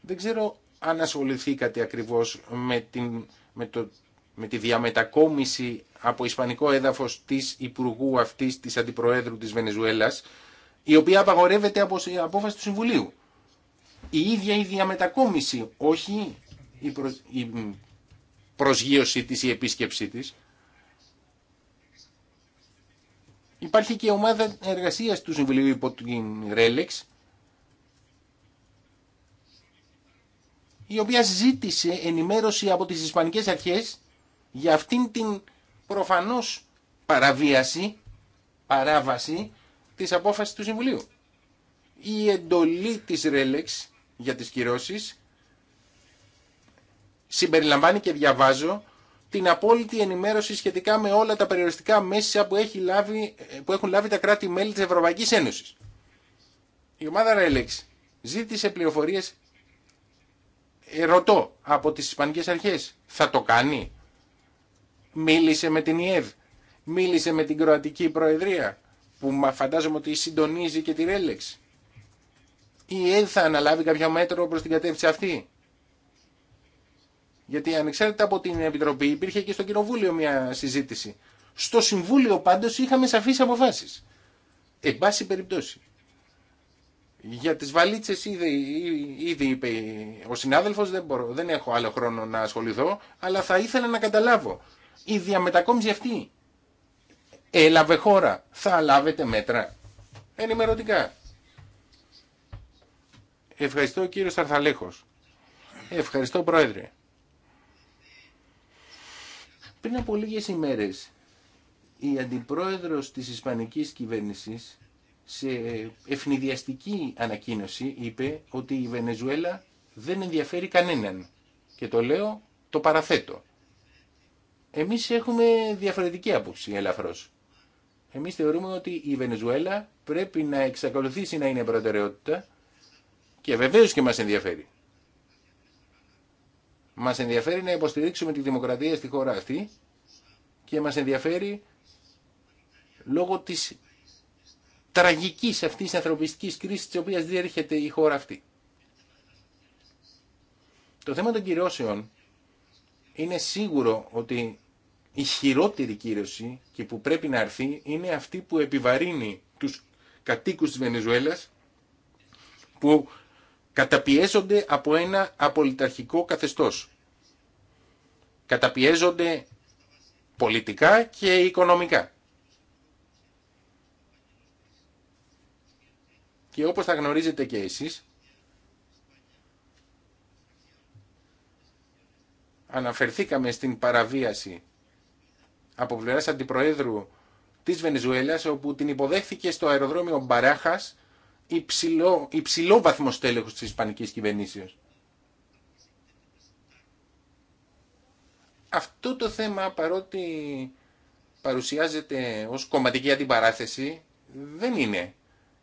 δεν ξέρω αν ασχοληθήκατε ακριβώς με, την, με, το, με τη διαμετακόμιση από ισπανικό έδαφος της Υπουργού αυτής της Αντιπροέδρου της Βενεζουέλας, η οποία απαγορεύεται από απόφαση του Συμβουλίου. Η ίδια η διαμετακόμιση, όχι η, προσγείωσή της, η επίσκεψή της. Υπάρχει και ομάδα εργασίας του Συμβουλίου υπό την Ρέλεξ, η οποία ζήτησε ενημέρωση από τις Ισπανικές Αρχές για αυτήν την προφανώς παραβίαση, παράβαση της απόφασης του Συμβουλίου. Η εντολή της Ρέλεξ για τις κυρώσεις συμπεριλαμβάνει και διαβάζω την απόλυτη ενημέρωση σχετικά με όλα τα περιοριστικά μέσα που, έχει λάβει, που έχουν λάβει τα κράτη-μέλη της Ευρωπαϊκής Ένωσης. Η ομάδα Ρέλεξ ζήτησε πληροφορίες ε, ρωτώ από τις Ισπανικές Αρχές, θα το κάνει. Μίλησε με την ΙΕΔ, μίλησε με την Κροατική Προεδρία, που φαντάζομαι ότι συντονίζει και τη Ρέλεξ. Η ΕΔ θα αναλάβει κάποιο μέτρο προς την κατεύθυνση αυτή. Γιατί ανεξάρτητα από την Επιτροπή υπήρχε και στο Κοινοβούλιο μια συζήτηση. Στο Συμβούλιο πάντως είχαμε σαφείς αποφάσεις. Εν πάση περιπτώσει. Για τις βαλίτσες ήδη, ήδη είπε ο συνάδελφος, δεν, μπορώ, δεν έχω άλλο χρόνο να ασχοληθώ, αλλά θα ήθελα να καταλάβω. Η διαμετακόμιση αυτή έλαβε χώρα, θα λάβετε μέτρα. Ενημερωτικά. Ευχαριστώ κύριο Σαρθαλέχος. Ευχαριστώ πρόεδρε. Πριν από λίγες ημέρες, η αντιπρόεδρος της Ισπανικής κυβέρνησης σε ευνηδιαστική ανακοίνωση είπε ότι η Βενεζουέλα δεν ενδιαφέρει κανέναν. Και το λέω, το παραθέτω. Εμείς έχουμε διαφορετική άποψη ελαφρώς. Εμείς θεωρούμε ότι η Βενεζουέλα πρέπει να εξακολουθήσει να είναι προτεραιότητα και βεβαίως και μας ενδιαφέρει. Μας ενδιαφέρει να υποστηρίξουμε τη δημοκρατία στη χώρα αυτή και μας ενδιαφέρει λόγω της τραγικής αυτής ανθρωπιστικής κρίσης της οποία διέρχεται η χώρα αυτή. Το θέμα των κυρώσεων είναι σίγουρο ότι η χειρότερη κύρωση και που πρέπει να αρθεί είναι αυτή που επιβαρύνει τους κατοίκους της Βενεζουέλας που καταπιέζονται από ένα απολυταρχικό καθεστώς. Καταπιέζονται πολιτικά και οικονομικά. Και όπως θα γνωρίζετε και εσείς, αναφερθήκαμε στην παραβίαση από πλευράς αντιπροέδρου της Βενεζουέλας, όπου την υποδέχθηκε στο αεροδρόμιο Μπαράχας υψηλό, υψηλό βαθμός τέλεχος της Ισπανικής κυβερνήσεως. Αυτό το θέμα, παρότι παρουσιάζεται ως κομματική αντιπαράθεση, δεν είναι.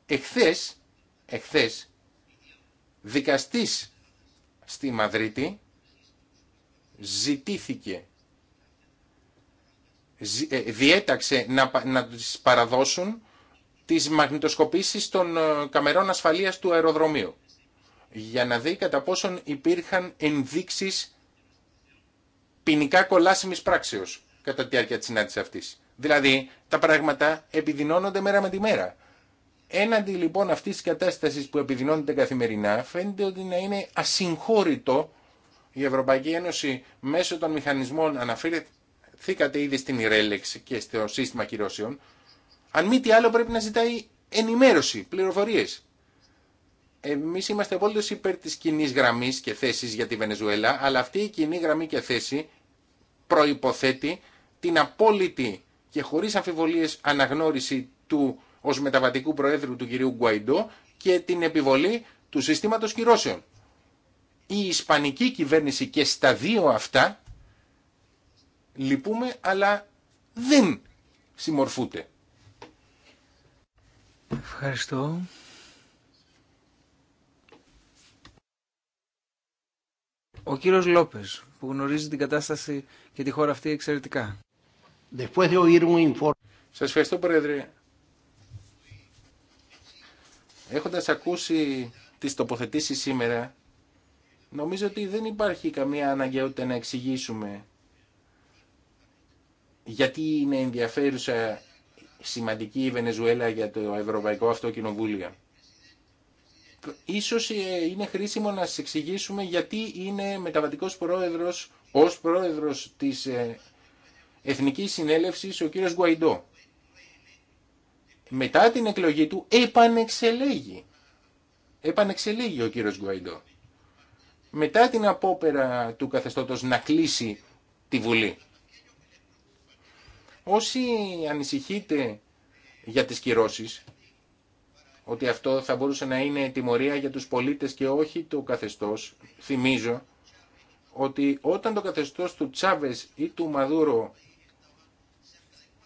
Εχθές εχθές δικαστής στη Μαδρίτη ζητήθηκε ε, διέταξε να, να παραδώσουν τις μαγνητοσκοπήσεις των ε, καμερών ασφαλείας του αεροδρομίου για να δει κατά πόσον υπήρχαν ενδείξεις ποινικά κολάσιμης πράξεως κατά τη διάρκεια της συνάντησης αυτής. Δηλαδή τα πράγματα επιδεινώνονται μέρα με τη μέρα. Έναντι λοιπόν αυτή τη κατάσταση που επιδεινώνεται καθημερινά φαίνεται ότι να είναι ασυγχώρητο η Ευρωπαϊκή Ένωση μέσω των μηχανισμών αναφέρθηκατε ήδη στην ηρέλεξη και στο σύστημα κυρώσεων αν μη τι άλλο πρέπει να ζητάει ενημέρωση, πληροφορίε. Εμεί είμαστε απόλυτο υπέρ τη κοινή γραμμή και θέση για τη Βενεζουέλα αλλά αυτή η κοινή γραμμή και θέση προϋποθέτει την απόλυτη και χωρίς αμφιβολίες αναγνώριση του ως μεταβατικού προέδρου του κυρίου Γκουαϊντό και την επιβολή του συστήματος κυρώσεων. Η ισπανική κυβέρνηση και στα δύο αυτά λυπούμε αλλά δεν συμμορφούνται. Ευχαριστώ. Ο κύριος Λόπες που γνωρίζει την κατάσταση και τη χώρα αυτή εξαιρετικά. Σας ευχαριστώ πρόεδρε. Έχοντας ακούσει τις τοποθετήσεις σήμερα, νομίζω ότι δεν υπάρχει καμία αναγκαιότητα να εξηγήσουμε γιατί είναι ενδιαφέρουσα σημαντική η Βενεζουέλα για το Ευρωπαϊκό αυτό κοινοβούλιο. Ίσως ε, είναι χρήσιμο να σας εξηγήσουμε γιατί είναι μεταβατικός πρόεδρος ως πρόεδρος της ε, Εθνικής Συνέλευσης ο κύριος Γκουαϊντό μετά την εκλογή του επανεξελέγει. Επανεξελέγει ο κύριος Γκουαϊντό. Μετά την απόπερα του καθεστώτος να κλείσει τη Βουλή. Όσοι ανησυχείτε για τις κυρώσεις, ότι αυτό θα μπορούσε να είναι τιμωρία για τους πολίτες και όχι το καθεστώς, θυμίζω ότι όταν το καθεστώς του Τσάβες ή του Μαδούρο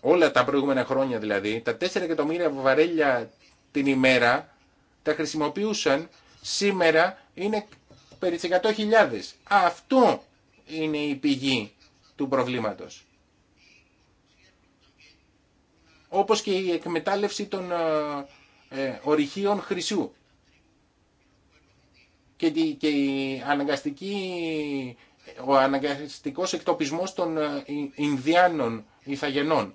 όλα τα προηγούμενα χρόνια δηλαδή, τα 4 εκατομμύρια βαρέλια την ημέρα τα χρησιμοποιούσαν, σήμερα είναι περί 100.000. Αυτό είναι η πηγή του προβλήματος. Όπως και η εκμετάλλευση των ε, ε ορυχείων χρυσού και, και η ο αναγκαστικός εκτοπισμός των ε, Ινδιάνων Ιθαγενών.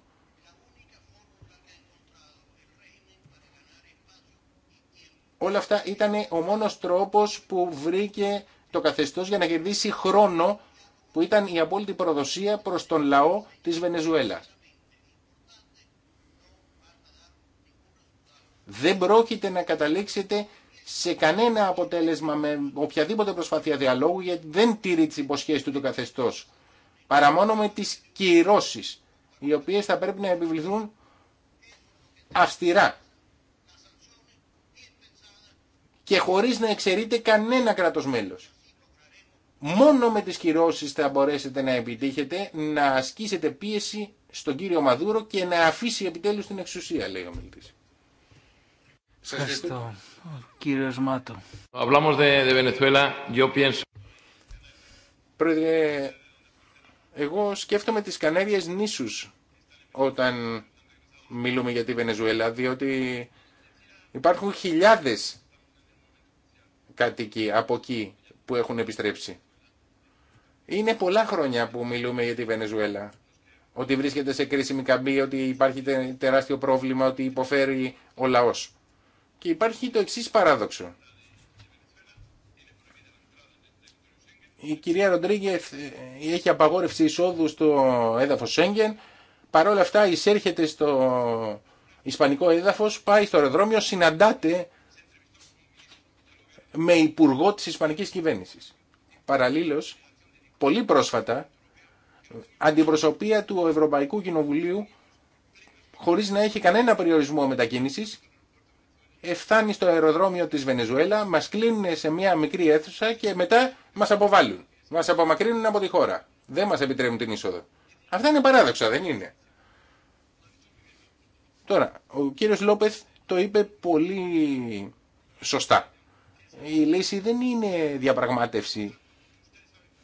όλα αυτά ήταν ο μόνος τρόπος που βρήκε το καθεστώς για να κερδίσει χρόνο που ήταν η απόλυτη προδοσία προς τον λαό της Βενεζουέλας. Δεν πρόκειται να καταλήξετε σε κανένα αποτέλεσμα με οποιαδήποτε προσπάθεια διαλόγου γιατί δεν τηρεί τις υποσχέσεις του το καθεστώς. Παρά μόνο με τις κυρώσεις οι οποίες θα πρέπει να επιβληθούν αυστηρά και χωρίς να εξαιρείται κανένα κράτος μέλος. Μόνο με τις κυρώσεις θα μπορέσετε να επιτύχετε, να ασκήσετε πίεση στον κύριο Μαδούρο και να αφήσει επιτέλους την εξουσία, λέει ο Μιλτής. Ευχαριστώ. Μάτο. de, de Venezuela, yo pienso... εγώ σκέφτομαι τις Κανέριες νήσους όταν μιλούμε για τη Βενεζουέλα, διότι υπάρχουν χιλιάδες κάτοικοι από εκεί που έχουν επιστρέψει. Είναι πολλά χρόνια που μιλούμε για τη Βενεζουέλα. Ότι βρίσκεται σε κρίσιμη καμπή, ότι υπάρχει τεράστιο πρόβλημα, ότι υποφέρει ο λαός. Και υπάρχει το εξής παράδοξο. Η κυρία Ροντρίγκεφ ε, έχει απαγόρευση εισόδου στο έδαφος Σέγγεν. παρόλα όλα αυτά εισέρχεται στο ισπανικό έδαφος, πάει στο αεροδρόμιο, συναντάται με υπουργό της Ισπανικής κυβέρνησης. Παραλλήλως, πολύ πρόσφατα, αντιπροσωπεία του Ευρωπαϊκού Κοινοβουλίου, χωρίς να έχει κανένα περιορισμό μετακίνησης, εφτάνει στο αεροδρόμιο της Βενεζουέλα, μας κλείνουν σε μια μικρή αίθουσα και μετά μας αποβάλλουν. Μας απομακρύνουν από τη χώρα. Δεν μας επιτρέπουν την είσοδο. Αυτά είναι παράδοξα, δεν είναι. Τώρα, ο κύριος Λόπεθ το είπε πολύ σωστά η λύση δεν είναι διαπραγμάτευση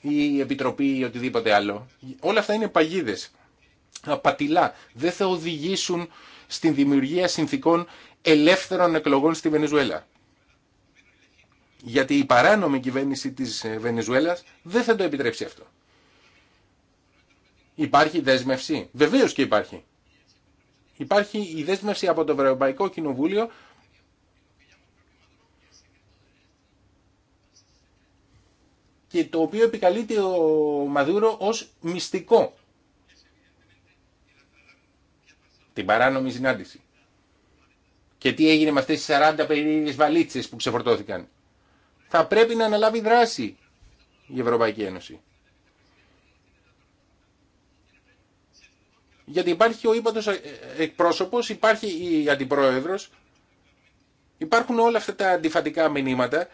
ή η επιτροπη ή οτιδήποτε άλλο. Όλα αυτά είναι παγίδες, απατηλά. Δεν θα οδηγήσουν στην δημιουργία συνθήκων ελεύθερων εκλογών στη Βενεζουέλα. Γιατί η παράνομη κυβέρνηση της ε, Βενεζουέλας δεν θα το επιτρέψει αυτό. Υπάρχει δέσμευση. Βεβαίως και υπάρχει. Υπάρχει η δέσμευση από το Ευρωπαϊκό Κοινοβούλιο και το οποίο επικαλείται ο Μαδούρο ως μυστικό. Την παράνομη συνάντηση. Και τι έγινε με αυτές τις 40 περίεργες βαλίτσες που ξεφορτώθηκαν. Θα πρέπει να αναλάβει δράση η Ευρωπαϊκή Ένωση. Γιατί υπάρχει ο ύπατος ε, ε, εκπρόσωπος, υπάρχει η αντιπρόεδρος, υπάρχουν όλα αυτά τα αντιφατικά μηνύματα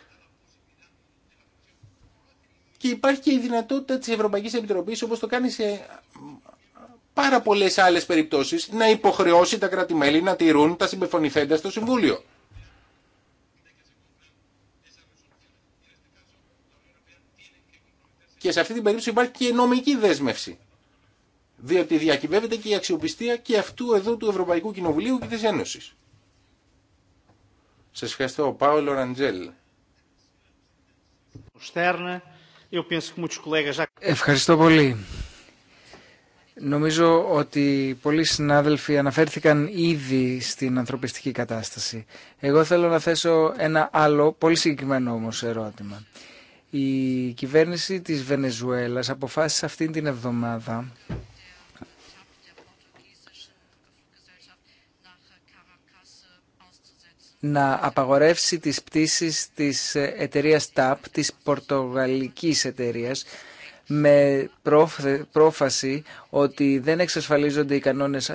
και υπάρχει και η δυνατότητα της Ευρωπαϊκής Επιτροπής, όπως το κάνει σε πάρα πολλές άλλες περιπτώσεις, να υποχρεώσει τα κράτη-μέλη να τηρούν τα συμπεφωνηθέντα στο Συμβούλιο. Και σε αυτή την περίπτωση υπάρχει και νομική δέσμευση. Διότι διακυβεύεται και η αξιοπιστία και αυτού εδώ του Ευρωπαϊκού Κοινοβουλίου και της Ένωσης. Σας ευχαριστώ. Πάολο Ραντζέλ. Στέρνε. Ευχαριστώ πολύ. Νομίζω ότι πολλοί συνάδελφοι αναφέρθηκαν ήδη στην ανθρωπιστική κατάσταση. Εγώ θέλω να θέσω ένα άλλο, πολύ συγκεκριμένο όμως ερώτημα. Η κυβέρνηση της Βενεζουέλας αποφάσισε αυτήν την εβδομάδα να απαγορεύσει τις πτήσεις της εταιρείας TAP, της πορτογαλικής εταιρείας, με πρόφαση ότι δεν εξασφαλίζονται οι κανόνες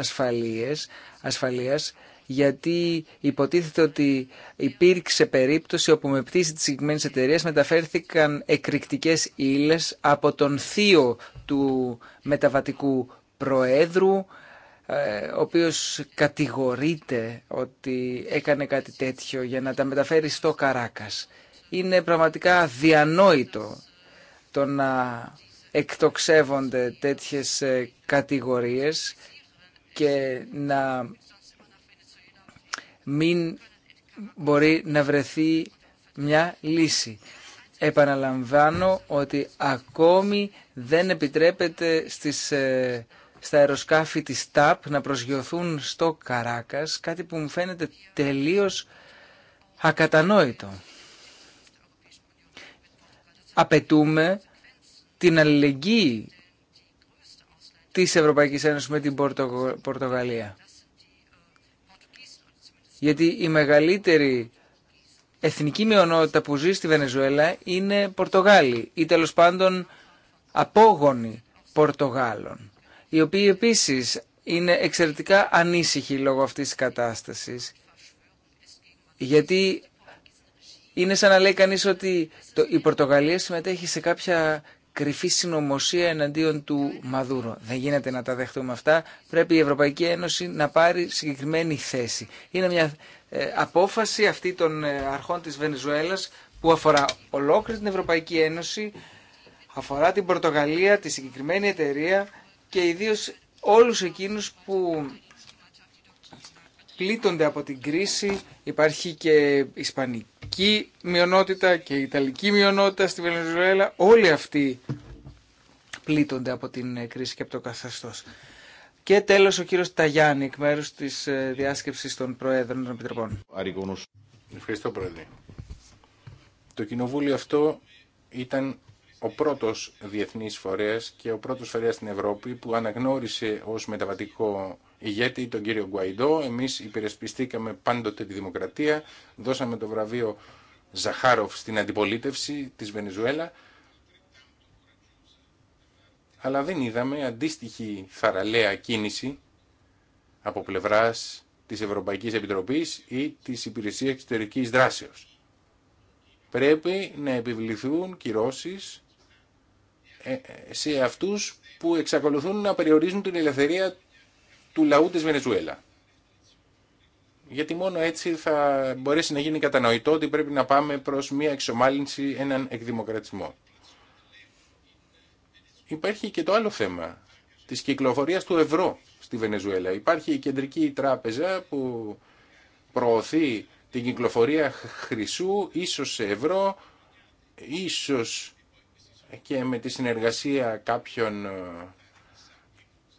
ασφαλείας, γιατί υποτίθεται ότι υπήρξε περίπτωση όπου με πτήση της συγκεκριμένης εταιρείας μεταφέρθηκαν εκρηκτικές ύλες από τον θείο του μεταβατικού προέδρου ε, ο οποίος κατηγορείται ότι έκανε κάτι τέτοιο για να τα μεταφέρει στο Καράκας. Είναι πραγματικά διανόητο το να εκτοξεύονται τέτοιες ε, κατηγορίες και να μην μπορεί να βρεθεί μια λύση. Επαναλαμβάνω ότι ακόμη δεν επιτρέπεται στις ε, στα αεροσκάφη της ΤΑΠ να προσγειωθούν στο Καράκας, κάτι που μου φαίνεται τελείως ακατανόητο. Απαιτούμε την αλληλεγγύη της Ευρωπαϊκής Ένωσης με την Πορτογαλία. Γιατί η μεγαλύτερη εθνική μειονότητα που ζει στη Βενεζουέλα είναι Πορτογάλοι ή τέλος πάντων απόγονοι Πορτογάλων οι οποίοι επίσης είναι εξαιρετικά ανήσυχοι λόγω αυτής της κατάστασης. Γιατί είναι σαν να λέει κανείς ότι το, η Πορτογαλία συμμετέχει σε κάποια κρυφή συνωμοσία εναντίον του Μαδούρο. Δεν γίνεται να τα δεχτούμε αυτά. Πρέπει η Ευρωπαϊκή Ένωση να πάρει συγκεκριμένη θέση. Είναι μια ε, απόφαση αυτή των ε, αρχών της Βενεζουέλας που αφορά ολόκληρη την Ευρωπαϊκή Ένωση, αφορά την Πορτογαλία, τη συγκεκριμένη εταιρεία και ιδίως όλους εκείνους που πλήττονται από την κρίση. Υπάρχει και ισπανική μειονότητα και ιταλική μειονότητα στη Βενεζουέλα. Όλοι αυτοί πλήττονται από την ε, κρίση και από το καθεστώς. Και τέλος ο κύριος Ταγιάννη, εκ μέρους της ε, διάσκεψης των Προέδρων των Επιτροπών. Ευχαριστώ, Πρόεδρε. Το κοινοβούλιο αυτό ήταν ο πρώτος διεθνής φορέας και ο πρώτος φορέας στην Ευρώπη που αναγνώρισε ως μεταβατικό ηγέτη τον κύριο Γκουαϊντό. Εμείς υπερασπιστήκαμε πάντοτε τη δημοκρατία, δώσαμε το βραβείο Ζαχάροφ στην αντιπολίτευση της Βενεζουέλα, αλλά δεν είδαμε αντίστοιχη θαραλέα κίνηση από πλευράς της Ευρωπαϊκής Επιτροπής ή της Υπηρεσίας Εξωτερικής Δράσεως. Πρέπει να επιβληθούν κυρώσεις ε, σε αυτούς που εξακολουθούν να περιορίζουν την ελευθερία του λαού της Βενεζουέλα. Γιατί μόνο έτσι θα μπορέσει να γίνει κατανοητό ότι πρέπει να πάμε προς μια εξομάλυνση, έναν εκδημοκρατισμό. Υπάρχει και το άλλο θέμα της κυκλοφορίας του ευρώ στη Βενεζουέλα. Υπάρχει η κεντρική τράπεζα που προωθεί την κυκλοφορία χρυσού, ίσως σε ευρώ, ίσως και με τη συνεργασία κάποιων ε,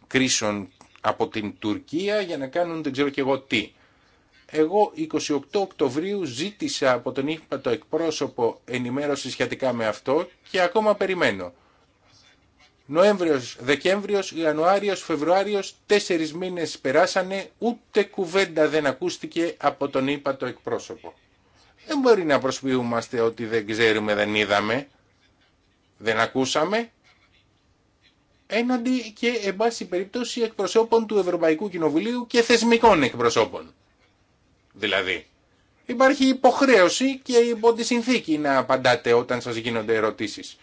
κρίσεων από την Τουρκία για να κάνουν δεν ξέρω και εγώ τι. Εγώ 28 Οκτωβρίου ζήτησα από τον ύπατο εκπρόσωπο ενημέρωση σχετικά με αυτό και ακόμα περιμένω. Νοέμβριος, Δεκέμβριος, Ιανουάριος, Φεβρουάριος, τέσσερις μήνες περάσανε, ούτε κουβέντα δεν ακούστηκε από τον ύπατο εκπρόσωπο. Δεν μπορεί να προσποιούμαστε ότι δεν ξέρουμε, δεν είδαμε δεν ακούσαμε έναντι και εν πάση περιπτώσει εκπροσώπων του Ευρωπαϊκού Κοινοβουλίου και θεσμικών εκπροσώπων. Δηλαδή, υπάρχει υποχρέωση και υπό τη συνθήκη να απαντάτε όταν σας γίνονται ερωτήσεις.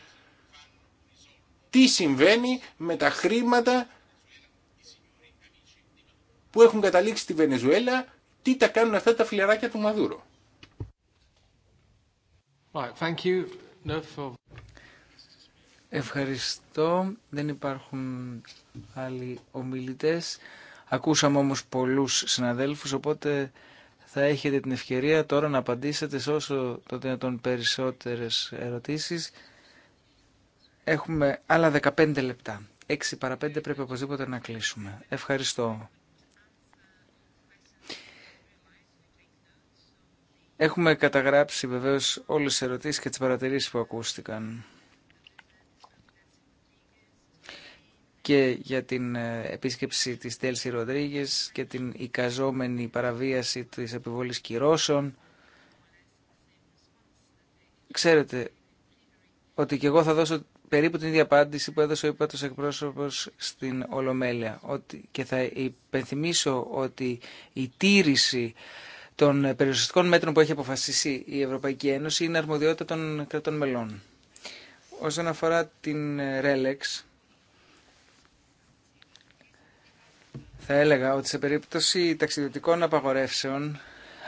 Τι συμβαίνει με τα χρήματα που έχουν καταλήξει στη Βενεζουέλα, τι τα κάνουν αυτά τα φιλεράκια του Μαδούρο. Ευχαριστώ. Δεν υπάρχουν άλλοι ομιλητές. Ακούσαμε όμως πολλούς συναδέλφους, οπότε θα έχετε την ευκαιρία τώρα να απαντήσετε σε όσο το δυνατόν περισσότερες ερωτήσεις. Έχουμε άλλα 15 λεπτά. 6 παρα 5 πρέπει οπωσδήποτε να κλείσουμε. Ευχαριστώ. Έχουμε καταγράψει βεβαίως όλες τις ερωτήσεις και τις παρατηρήσεις που ακούστηκαν. και για την ε, επίσκεψη της Τέλση Ροδρίγες και την εικαζόμενη παραβίαση της επιβολής κυρώσεων. Ξέρετε ότι και εγώ θα δώσω περίπου την ίδια απάντηση που έδωσε ο υπάτος εκπρόσωπος στην Ολομέλεια ότι, και θα υπενθυμίσω ότι η τήρηση των περιοριστικών μέτρων που έχει αποφασίσει η Ευρωπαϊκή Ένωση είναι αρμοδιότητα των κρατών μελών. Όσον αφορά την Ρέλεξ, Θα έλεγα ότι σε περίπτωση ταξιδιωτικών απαγορεύσεων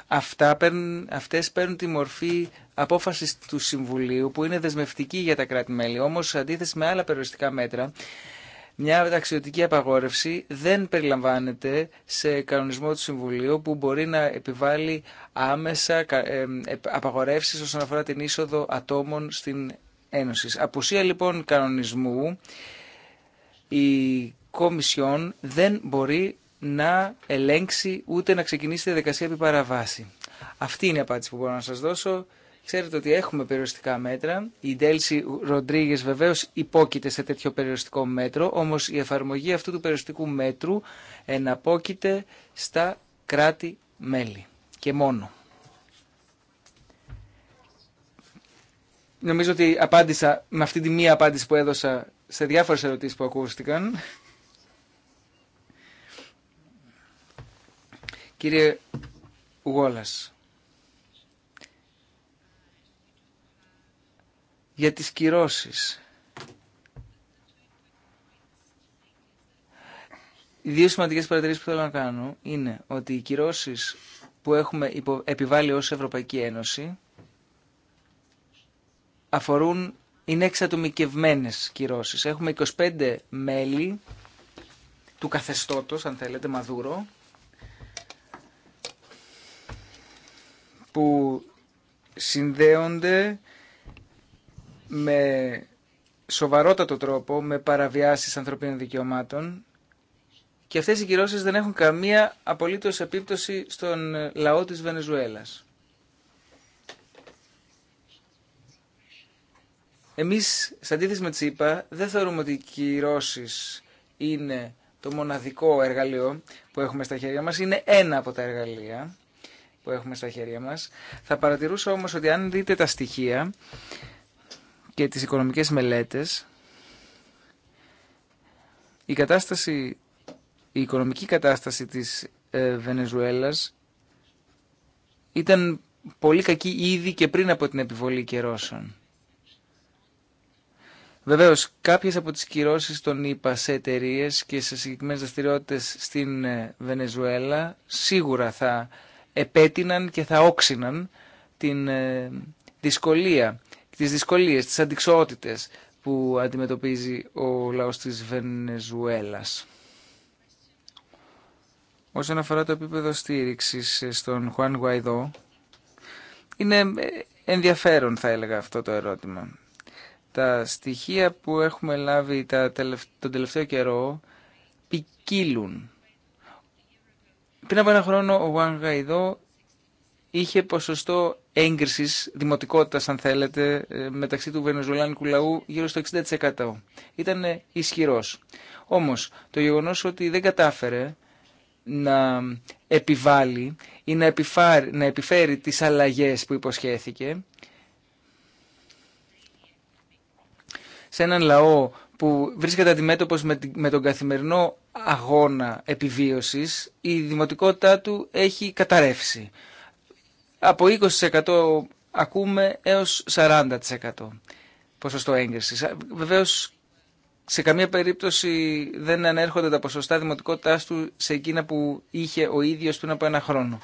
αυτά παίρνουν, αυτές παίρνουν τη μορφή απόφασης του Συμβουλίου που είναι δεσμευτική για τα κράτη-μέλη. Όμως, αντίθεση με άλλα περιοριστικά μέτρα, μια ταξιδιωτική απαγόρευση δεν περιλαμβάνεται σε κανονισμό του Συμβουλίου που μπορεί να επιβάλλει άμεσα ε, απαγορεύσεις όσον αφορά την είσοδο ατόμων στην Ένωση. Αποσία λοιπόν κανονισμού, η Κομισιόν δεν μπορεί να ελέγξει ούτε να ξεκινήσει τη διαδικασία επί παραβάση. Αυτή είναι η απάντηση που μπορώ να σας δώσω. Ξέρετε ότι έχουμε περιοριστικά μέτρα. Η Ντέλση Ροντρίγε βεβαίω υπόκειται σε τέτοιο περιοριστικό μέτρο, όμω η εφαρμογή αυτού του περιοριστικού μέτρου εναπόκειται στα κράτη-μέλη και μόνο. Νομίζω ότι απάντησα με αυτή τη μία απάντηση που έδωσα σε διάφορες ερωτήσεις που ακούστηκαν. Κύριε Γόλας, για τις κυρώσεις. Οι δύο σημαντικές παρατηρήσεις που θέλω να κάνω είναι ότι οι κυρώσεις που έχουμε επιβάλει ως Ευρωπαϊκή Ένωση αφορούν, είναι εξατομικευμένες κυρώσεις. Έχουμε 25 μέλη του καθεστώτος, αν θέλετε, Μαδούρο, που συνδέονται με σοβαρότατο τρόπο με παραβιάσεις ανθρωπίνων δικαιωμάτων και αυτές οι κυρώσεις δεν έχουν καμία απολύτως επίπτωση στον λαό της Βενεζουέλας. Εμείς, σε αντίθεση με Τσίπα, δεν θεωρούμε ότι οι κυρώσεις είναι το μοναδικό εργαλείο που έχουμε στα χέρια μας. Είναι ένα από τα εργαλεία που έχουμε στα χέρια μας. Θα παρατηρούσα όμως ότι αν δείτε τα στοιχεία και τις οικονομικές μελέτες, η, κατάσταση, η οικονομική κατάσταση της ε, Βενεζουέλας ήταν πολύ κακή ήδη και πριν από την επιβολή καιρώσεων. Βεβαίω, κάποιες από τις κυρώσει των ΙΠΑ σε εταιρείε και σε συγκεκριμένες δραστηριότητε στην ε, Βενεζουέλα σίγουρα θα επέτειναν και θα όξυναν την ε, δυσκολία, τις δυσκολίες, τις αντικσότητες που αντιμετωπίζει ο λαός της Βενεζουέλας. Όσον αφορά το επίπεδο στήριξης ε, στον Χουάν Γουαϊδό, είναι ε, ενδιαφέρον θα έλεγα αυτό το ερώτημα. Τα στοιχεία που έχουμε λάβει τα τον τελευταίο καιρό ποικίλουν πριν από ένα χρόνο ο Γουάν Γαϊδό είχε ποσοστό έγκρισης, δημοτικότητας αν θέλετε, ε, μεταξύ του βενεζουλάνικου λαού γύρω στο 60%. Ήταν ισχυρός. Όμως το γεγονός ότι δεν κατάφερε να επιβάλλει ή να επιφέρει, να επιφέρει τις αλλαγές που υποσχέθηκε σε έναν λαό που βρίσκεται αντιμέτωπος με τον καθημερινό αγώνα επιβίωσης η δημοτικότητά του έχει καταρρεύσει. Από 20% ακούμε έως 40% ποσοστό έγκρισης. Βεβαίως σε καμία περίπτωση δεν ανέρχονται τα ποσοστά δημοτικότητάς του σε εκείνα που είχε ο ίδιος πριν από ένα χρόνο.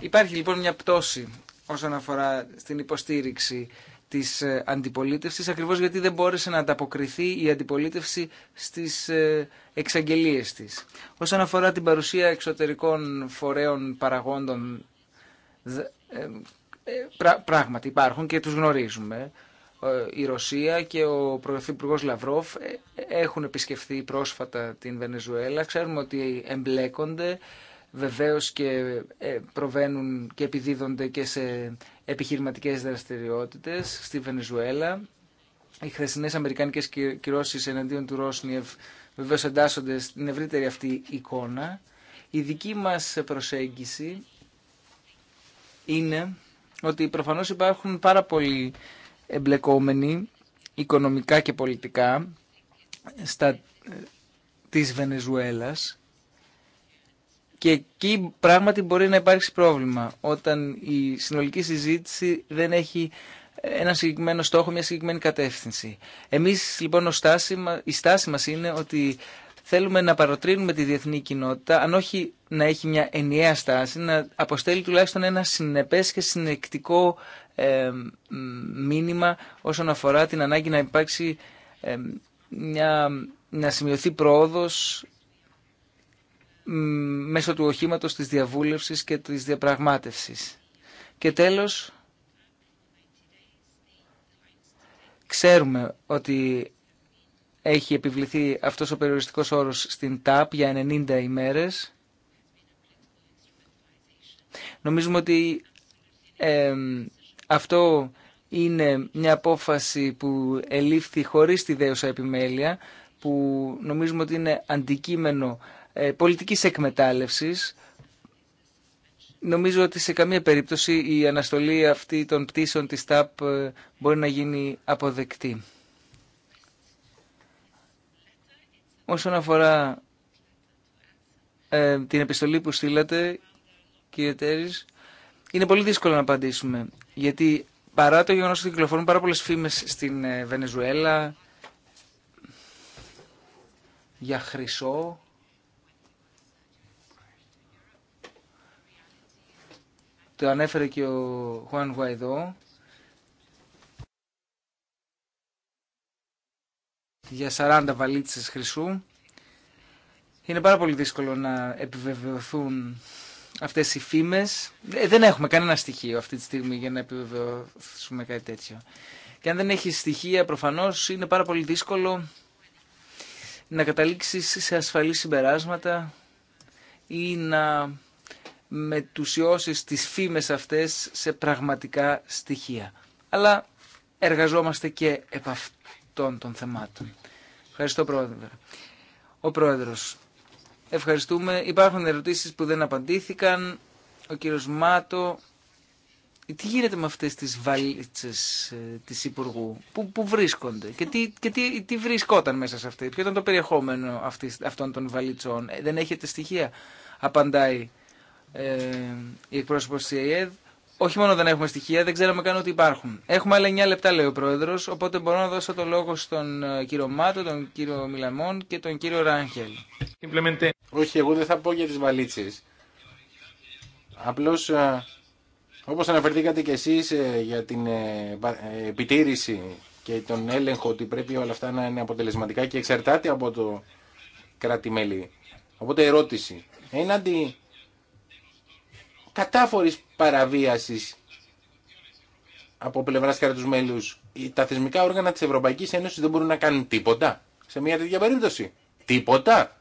Υπάρχει λοιπόν μια πτώση όσον αφορά στην υποστήριξη Τη ε, αντιπολίτευσης ακριβώς γιατί δεν μπόρεσε να ανταποκριθεί η αντιπολίτευση στις ε, εξαγγελίες της. Όσον αφορά την παρουσία εξωτερικών φορέων παραγόντων ε, πράγματι υπάρχουν και τους γνωρίζουμε. Η Ρωσία και ο Πρωθυπουργός Λαυρόφ έχουν επισκεφθεί πρόσφατα την Βενεζουέλα. Ξέρουμε ότι εμπλέκονται βεβαίως και προβαίνουν και επιδίδονται και σε επιχειρηματικές δραστηριότητες στη Βενεζουέλα. Οι χθεσινές αμερικανικές κυρώσεις εναντίον του Ρόσνιευ βεβαίως εντάσσονται στην ευρύτερη αυτή εικόνα. Η δική μας προσέγγιση είναι ότι προφανώς υπάρχουν πάρα πολλοί εμπλεκόμενοι οικονομικά και πολιτικά στα, ε, της Βενεζουέλας και εκεί πράγματι μπορεί να υπάρξει πρόβλημα όταν η συνολική συζήτηση δεν έχει ένα συγκεκριμένο στόχο, μια συγκεκριμένη κατεύθυνση. Εμείς λοιπόν η στάση μας είναι ότι θέλουμε να παροτρύνουμε τη διεθνή κοινότητα, αν όχι να έχει μια ενιαία στάση, να αποστέλει τουλάχιστον ένα συνεπές και συνεκτικό ε, μήνυμα όσον αφορά την ανάγκη να υπάρξει ε, μια, να σημειωθεί πρόοδος μέσω του οχήματος της διαβούλευσης και της διαπραγμάτευσης. Και τέλος, ξέρουμε ότι έχει επιβληθεί αυτός ο περιοριστικός όρος στην ΤΑΠ για 90 ημέρες. Νομίζουμε ότι αυτό είναι μια απόφαση που ελήφθη χωρίς τη δέωσα επιμέλεια, που νομίζουμε ότι είναι αντικείμενο ε, πολιτικής εκμετάλλευσης. Νομίζω ότι σε καμία περίπτωση η αναστολή αυτή των πτήσεων της ΤΑΠ ε, μπορεί να γίνει αποδεκτή. Όσον αφορά ε, την επιστολή που στείλατε, κύριε Τέρης, είναι πολύ δύσκολο να απαντήσουμε. Γιατί παρά το γεγονός ότι κυκλοφορούν πάρα πολλές φήμες στην Βενεζουέλα, για χρυσό, το ανέφερε και ο Χουάν Γουαϊδό, για 40 βαλίτσες χρυσού. Είναι πάρα πολύ δύσκολο να επιβεβαιωθούν αυτές οι φήμες. Ε, δεν έχουμε κανένα στοιχείο αυτή τη στιγμή για να επιβεβαιώσουμε κάτι τέτοιο. Και αν δεν έχει στοιχεία προφανώς είναι πάρα πολύ δύσκολο να καταλήξεις σε ασφαλή συμπεράσματα ή να με μετουσιώσεις τις φήμες αυτές σε πραγματικά στοιχεία. Αλλά εργαζόμαστε και επ' αυτών των θεμάτων. Ευχαριστώ πρόεδρε. Ο πρόεδρος. Ευχαριστούμε. Υπάρχουν ερωτήσεις που δεν απαντήθηκαν. Ο κύριος Μάτο. Τι γίνεται με αυτές τις βαλίτσες ε, της Υπουργού, που, που βρίσκονται και, τι, και τι, τι βρισκόταν μέσα σε αυτή, ποιο ήταν το περιεχόμενο αυτών των βαλίτσων, ε, δεν έχετε στοιχεία, απαντάει ε, η εκπρόσωπο τη ΕΕΔ. Όχι μόνο δεν έχουμε στοιχεία, δεν ξέραμε καν ότι υπάρχουν. Έχουμε άλλα 9 λεπτά, λέει ο πρόεδρο, οπότε μπορώ να δώσω το λόγο στον ε, κύριο Μάτο, τον κύριο Μιλαμόν και τον κύριο Ράνχελ. Όχι, εγώ δεν θα πω για τι βαλίτσε. Απλώ, ε, όπω αναφερθήκατε και εσεί για την επιτήρηση και τον έλεγχο ότι πρέπει όλα αυτά να είναι αποτελεσματικά και εξαρτάται από το κράτη-μέλη. Οπότε, ερώτηση. Έναντι κατάφορης παραβίασης από πλευρά κράτου μέλου, τα θεσμικά όργανα τη Ευρωπαϊκή Ένωση δεν μπορούν να κάνουν τίποτα σε μια τέτοια περίπτωση. Τίποτα.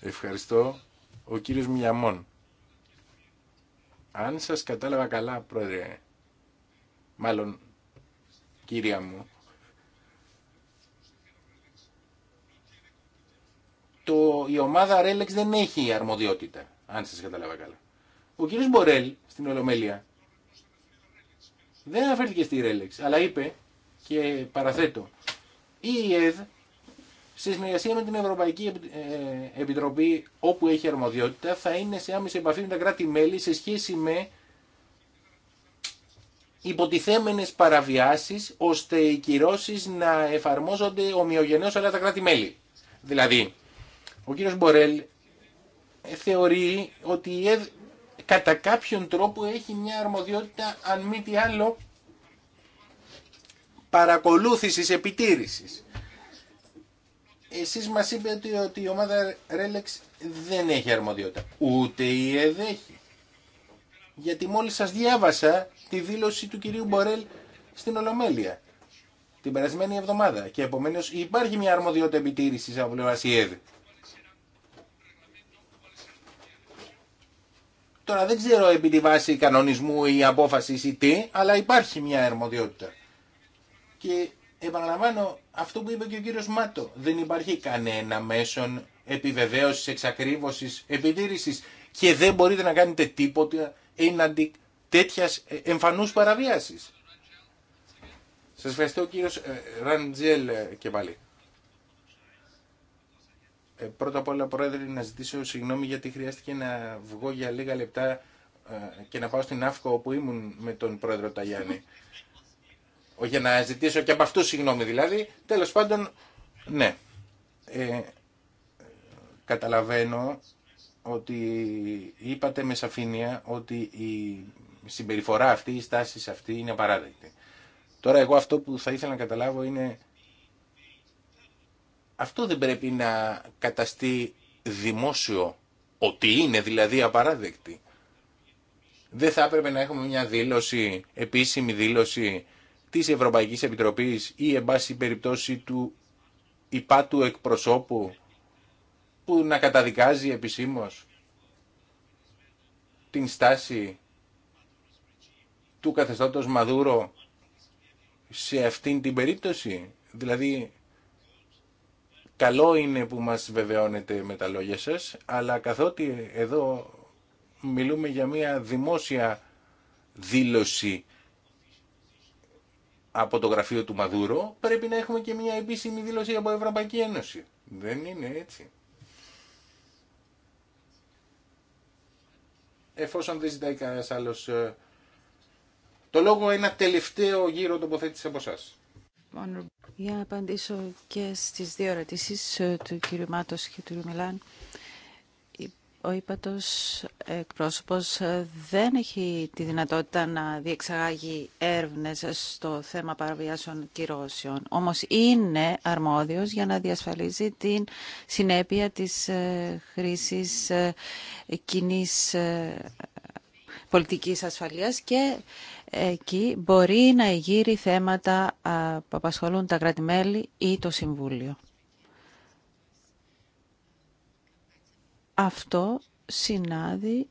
Ευχαριστώ. Ο κύριος Μιαμών. Αν σας κατάλαβα καλά, πρόεδρε, μάλλον κύρια μου, το, η ομάδα Ρέλεξ δεν έχει αρμοδιότητα, αν σας καταλαβα καλά. Ο κύριος Μπορέλ στην Ολομέλεια δεν αναφέρθηκε στη Ρέλεξ, αλλά είπε και παραθέτω η ΕΔ σε συνεργασία με την Ευρωπαϊκή ε, Επιτροπή όπου έχει αρμοδιότητα θα είναι σε άμεση επαφή με τα κράτη-μέλη σε σχέση με υποτιθέμενες παραβιάσεις ώστε οι κυρώσεις να εφαρμόζονται ομοιογενέως όλα τα κράτη-μέλη. Δηλαδή, ο κύριος Μπορέλ ε, θεωρεί ότι η ε, ΕΔ κατά κάποιον τρόπο έχει μια αρμοδιότητα αν μη τι άλλο παρακολούθησης επιτήρησης. Εσείς μας είπατε ότι η ομάδα Ρέλεξ δεν έχει αρμοδιότητα. Ούτε η ΕΔ έχει. Γιατί μόλις σας διάβασα τη δήλωση του κυρίου Μπορέλ στην Ολομέλεια την περασμένη εβδομάδα και επομένως υπάρχει μια αρμοδιότητα επιτήρησης από πλευράς η Τώρα δεν ξέρω επί τη βάση κανονισμού ή απόφαση ή τι, αλλά υπάρχει μια αρμοδιότητα. Και επαναλαμβάνω αυτό που είπε και ο κύριος Μάτο. Δεν υπάρχει κανένα μέσον επιβεβαίωσης, εξακρίβωσης, επιτήρησης και δεν μπορείτε να κάνετε τίποτα έναντι τέτοια ε, εμφανούς παραβίασης. Σας ευχαριστώ κύριος ε, Ραντζέλ ε, και πάλι. Ε, πρώτα απ' όλα, Πρόεδρε, να ζητήσω συγγνώμη γιατί χρειάστηκε να βγω για λίγα λεπτά ε, και να πάω στην Αύκο όπου ήμουν με τον Πρόεδρο Ταγιάννη. Για να ζητήσω και από αυτού συγγνώμη δηλαδή. Τέλος πάντων, ναι. Ε, ε, καταλαβαίνω ότι είπατε με σαφήνεια ότι η συμπεριφορά αυτή, η στάση αυτή είναι απαράδεκτη. Τώρα εγώ αυτό που θα ήθελα να καταλάβω είναι αυτό δεν πρέπει να καταστεί δημόσιο ότι είναι δηλαδή απαράδεκτη. Δεν θα έπρεπε να έχουμε μια δήλωση, επίσημη δήλωση της Ευρωπαϊκής Επιτροπής ή εν πάση περιπτώσει του υπάτου εκπροσώπου που να καταδικάζει επισήμως την στάση του καθεστώτος Μαδούρο σε αυτήν την περίπτωση. Δηλαδή Καλό είναι που μας βεβαιώνετε με τα λόγια σας, αλλά καθότι εδώ μιλούμε για μια δημόσια δήλωση από το γραφείο του Μαδούρο, πρέπει να έχουμε και μια επίσημη δήλωση από Ευρωπαϊκή Ένωση. Δεν είναι έτσι. Εφόσον δεν ζητάει κανένα άλλο ε, το λόγο, ένα τελευταίο γύρο τοποθέτησε από εσάς. Για να απαντήσω και στις δύο ερωτήσει ε, του κ. Μάτος και του κ. Μιλάν. Ο ύπατος εκπρόσωπος ε, δεν έχει τη δυνατότητα να διεξαγάγει έρευνες στο θέμα παραβιάσεων κυρώσεων. Όμως είναι αρμόδιος για να διασφαλίζει την συνέπεια της ε, χρήσης κοινής πολιτικής ασφαλείας και εκεί μπορεί να εγείρει θέματα που απασχολούν τα κράτη-μέλη ή το Συμβούλιο. Αυτό συνάδει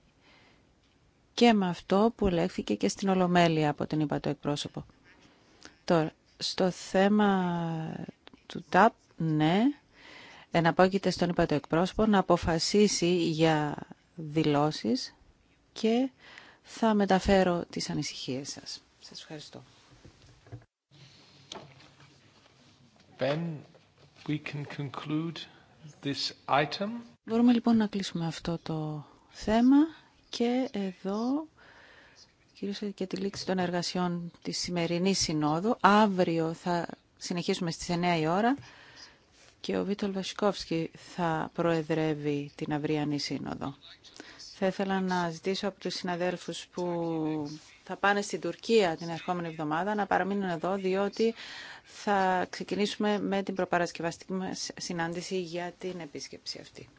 και με αυτό που ελέγχθηκε και στην Ολομέλεια από την είπα εκπρόσωπο. Τώρα, στο θέμα του ΤΑΠ, ναι, εναπόκειται στον είπα εκπρόσωπο να αποφασίσει για δηλώσεις και θα μεταφέρω τις ανησυχίες σας. Σας ευχαριστώ. we can Μπορούμε λοιπόν να κλείσουμε αυτό το θέμα και εδώ κυρίως και τη λήξη των εργασιών της σημερινής συνόδου. Αύριο θα συνεχίσουμε στις 9 η ώρα και ο Βίτολ Βασικόφσκι θα προεδρεύει την αυριανή σύνοδο. Θα ήθελα να ζητήσω από τους συναδέλφους που θα πάνε στην Τουρκία την ερχόμενη εβδομάδα να παραμείνουν εδώ, διότι θα ξεκινήσουμε με την προπαρασκευαστική συνάντηση για την επίσκεψη αυτή.